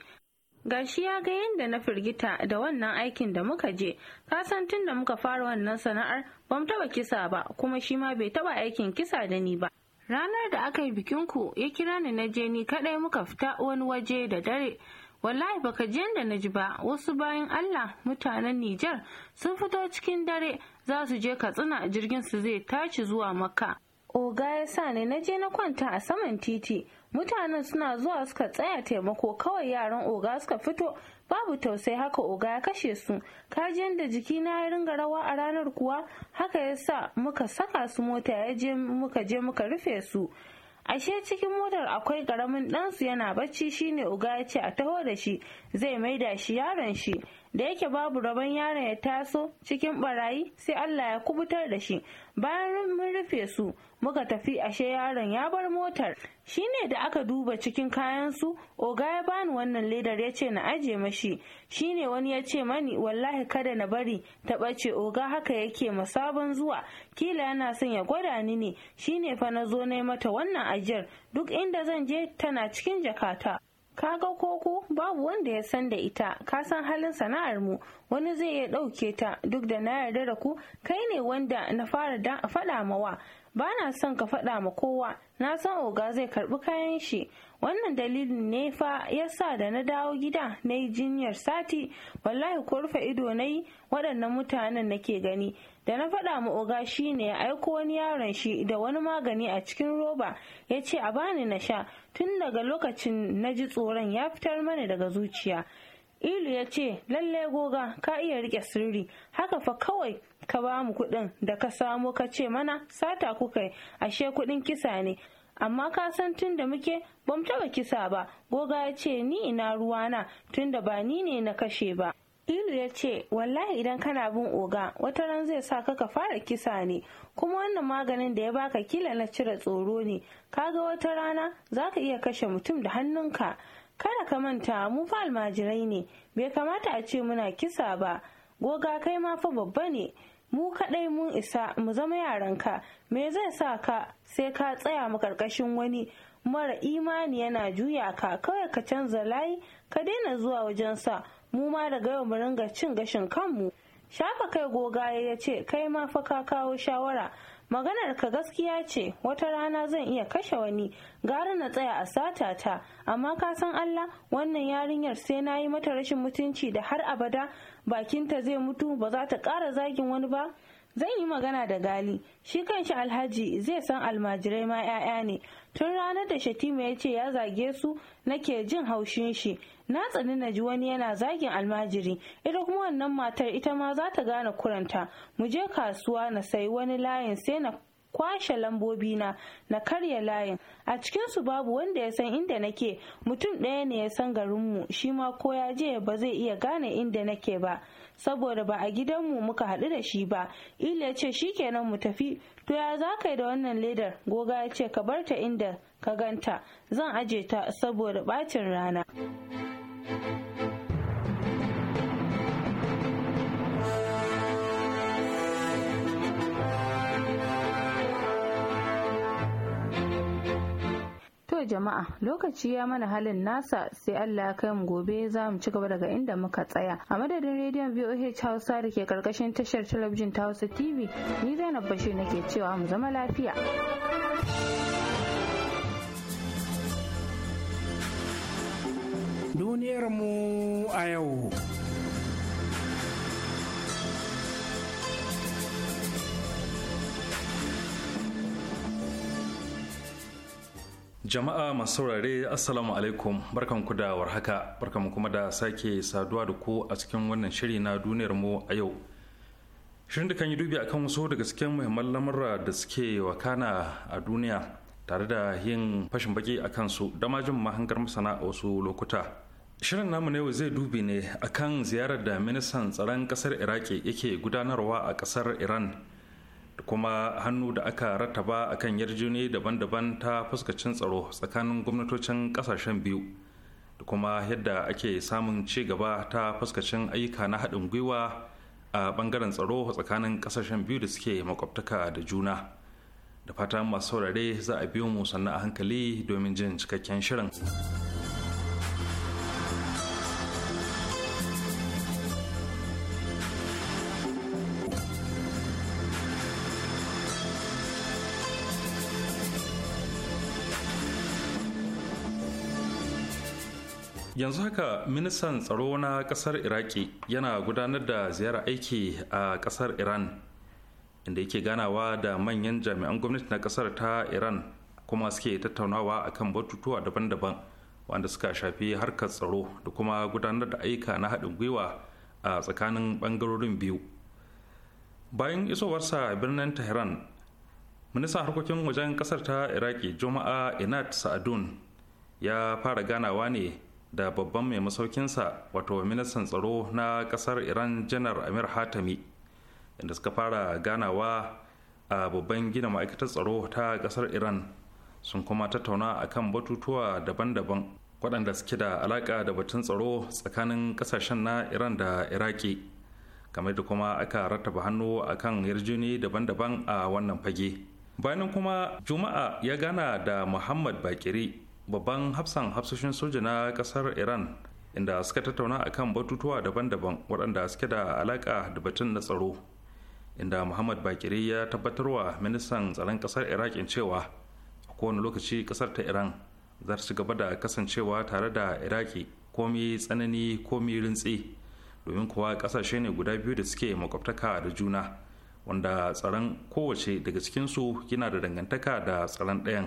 ga shi ya ga yanda na firgita da wannan aikin da muka je ka san tun da muka fara wannan sana'ar bam taba kisa ba kuma shi ma bai taba aikin kisa da ni ba ranar da aka yi bikin ku ya kira ni na je ni kadai muka fita wani waje da dare wallahi baka ji da na ji ba wasu bayan Allah mutanen Nijar sun fito cikin dare za su je katsina a jirgin su zai tashi zuwa makka oga ya sa ne na je na kwanta a saman titi mutanen suna zuwa suka tsaya taimako kawai yaran oga suka fito babu tausai haka oga ya kashe su kajin da jikina ya ringa rawa a ranar kuwa haka ya sa muka saka su mota ya je muka je muka rufe su ashe cikin motar akwai karamin ɗansu yana bacci shine oga ya ce a taho da shi zai maida shi yaron shi da yake babu rabon yaron ya taso cikin barayi sai Allah ya kubutar da shi bayan mun rufe su muka tafi ashe yaron ya bar motar shi ne da aka duba cikin kayansu, oga ya bani wannan ledar ya ce na aje mashi ne wani ya ce mani wallahi kada na bari ta ɓace oga haka yake sabon zuwa kila yana son ya gwada ni ne Shi ne fa na zo na mata wannan ajiyar duk inda zan je tana cikin jakata ka ga koko babu wanda ya san da ita ka san halin sana'ar mu wani zai iya ɗauke ta duk da na yarda da ku kai ne wanda na fara da faɗa mawa ba na son ka faɗa ma kowa na san oga zai karɓi kayan shi wannan dalilin ne fa sa da na dawo gida na yi jinyar sati wallahi ko rufe ido na yi waɗannan mutanen nake gani da na faɗa ma oga shi ne ya aiko wani yaron shi da wani magani a cikin roba ya ce a bani na sha tun daga lokacin na ji tsoron ya fitar mana daga zuciya ilu ya ce lalle goga ka iya rike sirri haka fa kawai ka ba mu kuɗin da ka samo ka ce mana sata kuka yi ashe kuɗin kisa ne amma ka san tun da muke bamu taɓa kisa ba goga ya ce ni ina ruwana tun da ba ni ne na kashe ba ilu ya ce wallahi idan kana bin oga wata ran zai sa ka ka fara kisa ne kuma wannan maganin da ya baka kila na cire tsoro ne kaga wata rana za ka iya kashe mutum da hannunka kada ka manta mu fa almajirai ne bai kamata a ce muna kisa ba goga kai ma fa babba ne mu kaɗai mun isa mu zama yaranka me zai sa ka sai ka tsaya mu karkashin wani mara imani yana juya ka kawai ka canza layi ka daina zuwa wajensa mu ma daga yau mu ringa cin gashin kanmu shafa kai gogaye ya ce kai ma fa ka kawo shawara maganar ka gaskiya ce wata rana zan iya kashe wani gara na tsaya a sata ta amma ka san Allah wannan yarinyar sai na yi mata rashin mutunci da har abada bakinta zai mutu ba za ta ƙara zagin wani ba zan yi magana da gali shi shi alhaji zai san almajirai ma 'ya'ya ne tun ranar da shatima ya ce ya zage su nake jin haushin shi na tsani na ji wani yana zagin almajiri ita kuma wannan matar ita ma za ta gane kuranta mu je kasuwa na sayi wani layin sai na kwashe lambobi na na karya layin a cikinsu babu wanda ya san inda nake mutum ɗaya ne ya san garinmu shi ma ko ya je ba zai iya gane inda nake ba saboda ba a gidanmu muka haɗu da shi ba ila ya ce kenan mu tafi to ya za ka da wannan ledar goga ya ce ka bar ta inda ka ganta zan aje ta saboda ɓacin rana To jama'a lokaci ya mana halin nasa sai Allah kai mu gobe za mu ci gaba daga inda muka tsaya. A madadin rediyon VOH Hausa da ke karkashin tashar talabijin ta Hausa TV, ni Zainab Bashir nake cewa mu zama lafiya. duniyarmu a yau. Jama'a masu saurare Assalamu alaikum barkanku da warhaka barkanku kuma da sake saduwa da ku a cikin wannan shiri na duniyar mu a yau. Shirin da kan yi dubi akan wasu daga cikin muhimman lamurra da suke wakana a duniya tare da yin fashin baki a kansu da majin jin mahangar masana a wasu lokuta. Shirin namu na zai dubi ne a kan ziyarar da ministan tsaron kasar Iraki yake gudanarwa a kasar Iran da kuma hannu da aka rattaba akan yarjini daban-daban ta fuskacin tsaro tsakanin gwamnatocin kasashen biyu da kuma yadda ake samun ci gaba ta fuskacin ayyuka na haɗin gwiwa a bangaren tsaro tsakanin kasashen biyu da suke makwabtaka da juna da fatan masu saurare za a biyo mu sannan a hankali domin jin cikakken shirin. yanzu haka ministan tsaro na kasar iraki yana gudanar da ziyarar aiki a kasar iran inda yake ganawa da manyan jami'an gwamnati na kasar ta iran kuma suke tattaunawa akan batutuwa daban-daban wanda suka shafi harkar tsaro da kuma gudanar da ayyuka na haɗin gwiwa a tsakanin ɓangarorin biyu bayan isowarsa birnin tehran ministan harkokin wajen kasar ta iraki juma'a inat sa'adun ya fara ganawa ne da babban mai masaukinsa wato ministan tsaro na kasar iran janar amir hatami inda suka fara ganawa a babban gina ma'aikatar tsaro ta kasar iran sun kuma tattauna akan batutuwa daban-daban waɗanda suke da alaƙa da batun tsaro tsakanin ƙasashen na iran da iraki kamar da kuma aka rattaba hannu akan yarjini daban-daban a wannan fage bayanin kuma juma'a ya gana da muhammad bakiri babban hafsan hafsoshin soja na kasar iran inda suka tattauna kan batutuwa daban-daban waɗanda suke da alaƙa da batun na tsaro inda muhammad bakiri ya tabbatarwa ministan tsaron kasar iraq cewa a kowane lokaci kasar ta iran za ta gaba da kasancewa tare da iraki komi tsanani komi rintsi domin kuwa kasashe ne guda biyu da suke makwabtaka da juna wanda tsaron kowace daga cikinsu yana da dangantaka da tsaron ɗayan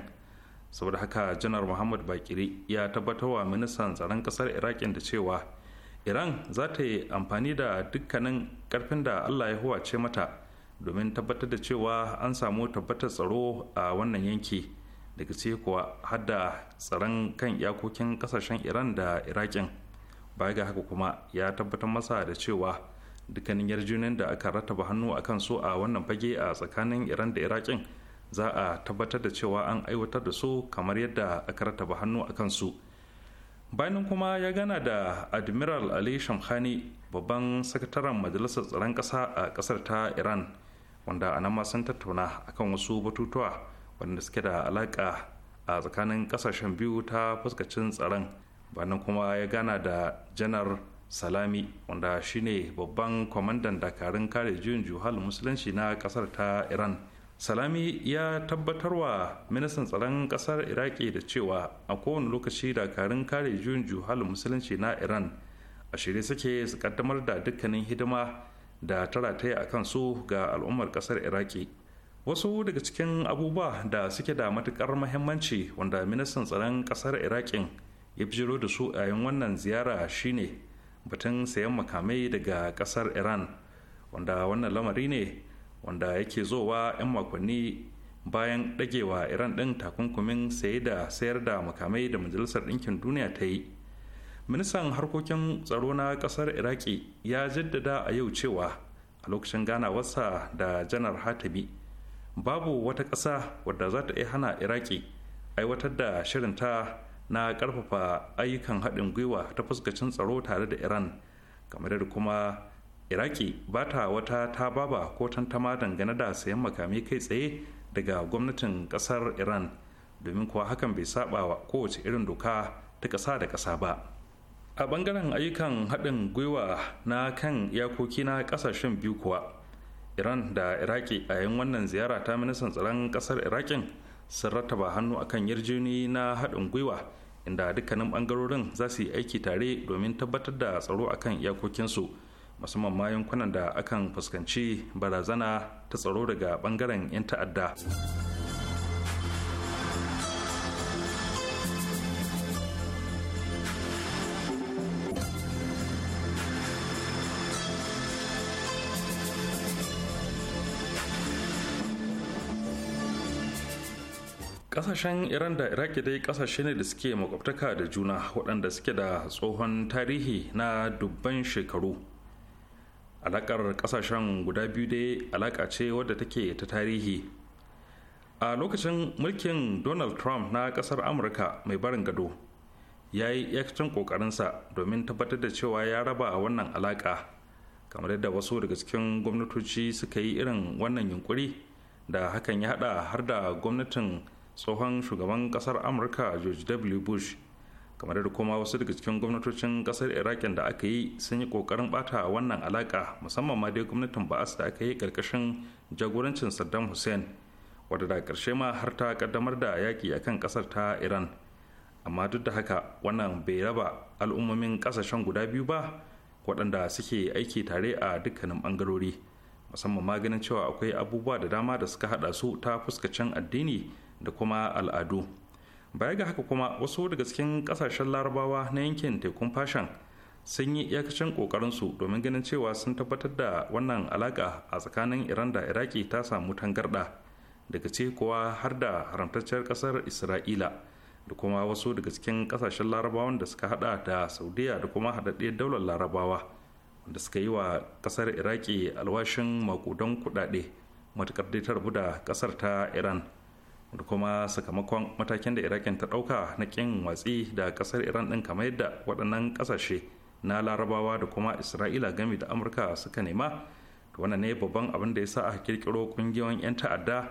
saboda haka janar muhammad bakiri ya tabbatar wa ministan tsaron kasar irakin da cewa iran za ta yi amfani da dukkanin karfin da allah ya huwace mata domin tabbatar da cewa an samu tabbatar tsaro a wannan yanki daga ce kuwa hada tsaron kan yakokin kasashen iran da irakin baya ga haka kuma ya tabbatar masa da cewa dukkanin yarjunin da aka rataba hannu a kan su a wannan fage a tsakanin iran da irakin za a tabbatar da cewa an aiwatar da su kamar yadda aka rataba hannu a kansu bayanin kuma ya gana da admiral ali shamkhani babban sakataren majalisar tsaron ƙasa a ƙasar ta iran wanda a nan ma sun tattauna akan wasu batutuwa wanda suke da alaƙa a tsakanin ƙasashen biyu ta fuskacin tsaron bayanin kuma ya gana da janar salami wanda shine babban kwamandan dakarun kare juyin juhal musulunci na ƙasar ta iran salami ya tabbatar wa ministan tsaron kasar iraki da cewa a kowane lokaci dakarun kare juyin juhalin musulunci na iran a shirye suke su kaddamar da dukkanin hidima da rataye a kansu ga al'ummar kasar iraki wasu daga cikin abubuwa da suke da matukar mahimmanci wanda ministan tsaron kasar irakin ya bijiro da su a wannan ziyara shine batun sayan makamai daga kasar iran wanda wannan lamari ne wanda yake zowa 'yan makonni bayan dagewa iran ɗin takunkumin saye da sayar da makamai da majalisar ɗinkin duniya ta yi ministan harkokin tsaro na ƙasar iraki ya jaddada a yau cewa a lokacin wasa da janar hatabi babu wata ƙasa wadda za ta iya hana iraki aiwatar da shirinta na ƙarfafa ayyukan haɗin gwiwa ta fuskacin tsaro tare da iran kamar da kuma iraki ba ta wata ta baba ko tantama dangane da sayan makami kai tsaye daga gwamnatin kasar iran domin kuwa hakan bai saba wa kowace irin doka ta ƙasa da ƙasa ba a bangaren ayyukan haɗin gwiwa na kan iyakoki na ƙasashen biyu kuwa iran da iraki a yin wannan ziyara ta ministan tsaron ƙasar irakin sun rattaba hannu akan yarjini na haɗin gwiwa inda dukkanin bangarorin za su yi aiki tare domin tabbatar da tsaro akan iyakokinsu musamman ma yankunan da akan fuskanci barazana ta tsaro daga bangaren 'yan ta'adda kasashen iran da iraki dai kasashe ne da suke makwabtaka da juna waɗanda suke da tsohon tarihi na dubban shekaru alakar kasashen guda biyu dai alaka ce wadda take ta tarihi a lokacin mulkin donald trump na kasar amurka mai barin gado ya yi yakacin kokarinsa domin tabbatar da cewa ya raba wannan alaka kamar yadda wasu daga cikin gwamnatoci suka yi irin wannan yunkuri da hakan ya hada har da gwamnatin tsohon shugaban kasar amurka george w bush kamar da kuma wasu daga cikin gwamnatocin kasar iraqin da aka yi sun yi kokarin bata wannan alaka musamman ma dai gwamnatin ba'as da aka yi karkashin jagorancin saddam hussein wadda da karshe ma har ta kaddamar da yaki kan kasar ta iran amma duk da haka wannan bai raba al'ummomin kasashen guda biyu ba waɗanda suke aiki tare a dukkanin bangarori musamman ma ganin cewa akwai abubuwa da dama da suka haɗa su ta fuskacin addini da kuma al'adu baya ga haka kuma wasu daga cikin kasashen larabawa na yankin tekun fashan sun yi iyakacin kokarinsu domin ganin cewa sun tabbatar da wannan alaka a tsakanin iran da iraki ta samu tangarda daga ce kuwa har da haramtacciyar kasar isra'ila da kuma wasu daga cikin kasashen larabawan da suka hada da saudiya da kuma haɗaɗɗiyar daular larabawa da suka yi wa kasar iraki alwashin makudan kuɗaɗe matuƙar dai da kasar ta iran da kuma sakamakon matakin da iraƙin ta ɗauka na ƙin watsi da ƙasar iran ɗin kamar yadda waɗannan ƙasashe na larabawa da kuma isra'ila gami da amurka suka nema to wannan ne babban abin da ya sa a kirkiro ƙungiyoyin 'yan ta'adda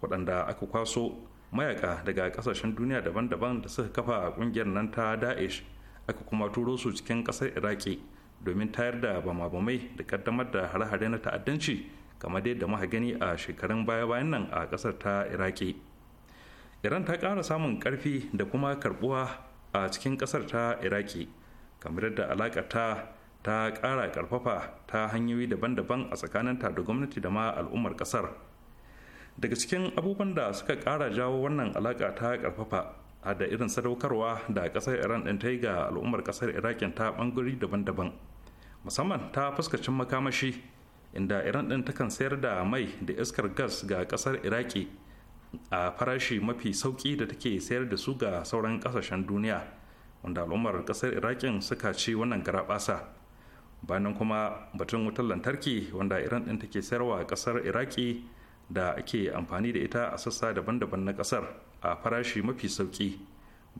waɗanda aka kwaso mayaka daga ƙasashen duniya daban-daban da suka kafa ƙungiyar nan ta da'ish aka kuma turo su cikin ƙasar iraki domin tayar da bama-bamai da kaddamar da hare-hare na ta'addanci kamar dai da muka gani a shekarun baya-bayan nan a ƙasar ta iraki iran ta kara samun karfi da kuma karbuwa a cikin kasar ta iraki kamar yadda alaƙa ta ta ƙara karfafa ta hanyoyi daban-daban a tsakanin ta da gwamnati da ma al'ummar kasar daga cikin abubuwan da suka kara jawo wannan alaka ta karfafa a da irin sadaukarwa da kasar iran din ta yi ga al'ummar kasar irakin ta bangare daban-daban musamman ta fuskacin makamashi inda iran ɗin takan sayar da mai da iskar gas ga kasar iraki a farashi mafi sauƙi da take sayar da su ga sauran ƙasashen duniya wanda al'ummar ƙasar iraƙin suka ci wannan garaɓasa, bayan kuma batun wutar lantarki wanda iran ɗin take sayarwa ƙasar kasar iraki da ake amfani da ita a sassa daban-daban na ƙasar a farashi mafi sauki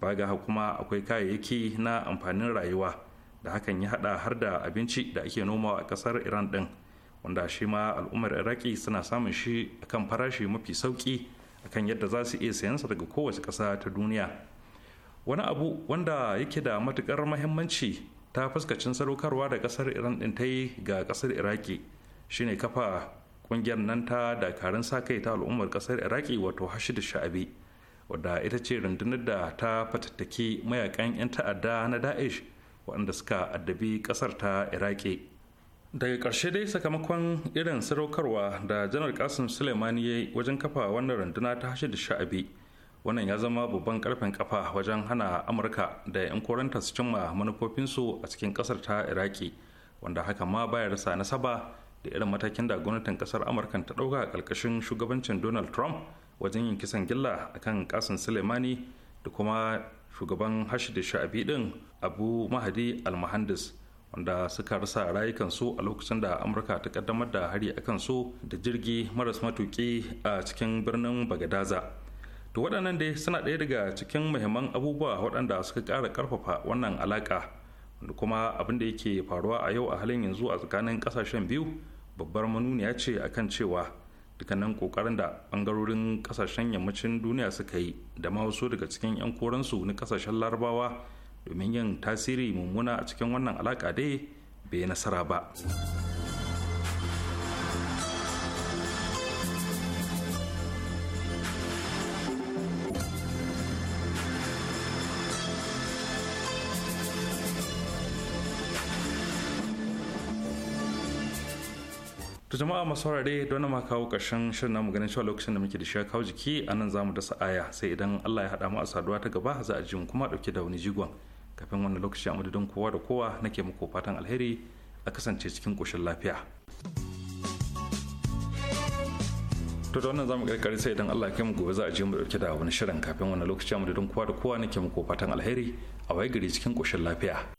baga kuma akwai kayayyaki na amfanin rayuwa da hakan ya haɗa har da abinci da ake noma a ƙasar iran ɗin wanda shi ma al'ummar iraki suna samun shi akan farashi mafi sauƙi. kan yadda za su iya sayansa daga kowace ƙasa ta duniya wani abu wanda yake da matukar mahimmanci ta fuskacin sadaukarwa da ƙasar iran ɗin ta yi ga ƙasar iraki shine kafa ƙungiyar nan ta dakarun sa kai ta al'ummar ƙasar iraki wato hashid sha'abi wadda ita ce rundunar da ta fatattaki mayakan 'yan ta'adda na da'ish waɗanda suka addabi ƙasar ta iraki daga ƙarshe dai sakamakon irin sadaukarwa da janar kasim suleimani ya yi wajen kafa wannan runduna ta hashe da sha'abi wannan ya zama babban karfin kafa wajen hana amurka da 'yan koranta su cimma manufofinsu a cikin kasar ta iraki wanda haka ma baya rasa nasaba da irin matakin da gwamnatin kasar amurka ta ɗauka a ƙarƙashin shugabancin donald trump wajen yin kisan gilla akan kasim suleimani da kuma shugaban hashe da sha'abi din abu mahadi muhandis. wanda suka rasa rayukansu a lokacin da amurka ta kaddamar da hari a kansu da jirgi maras matuki a cikin birnin bagadaza to waɗannan dai suna ɗaya daga cikin muhimman abubuwa waɗanda suka ƙara ƙarfafa wannan alaƙa wanda kuma abin da yake faruwa a yau a halin yanzu a tsakanin ƙasashen biyu babbar manuniya ce akan cewa dukkanin kokarin da bangarorin ƙasashen yammacin duniya suka yi da ma wasu daga cikin 'yan koransu na ƙasashen larabawa domin yin tasiri mummuna a cikin wannan alaƙa dai bai yi nasara ba To jama'a masu saurare don na kawo ƙarshen shirin namu ganin cewa lokacin da muke da shi kawo jiki a nan za mu dasa aya sai idan Allah ya haɗa mu a saduwa ta gaba za a ji mu kuma ɗauke da wani jigon. kafin wani lokaci a madadin kowa da kowa nake muku fatan alheri a kasance cikin ƙoshin lafiya to da wannan zamu karkare sai idan Allah ya mu gobe za a je mu dauke da wani shirin kafin wannan lokaci a madadin kowa da kowa nake muku fatan alheri a waye gari cikin ƙoshin lafiya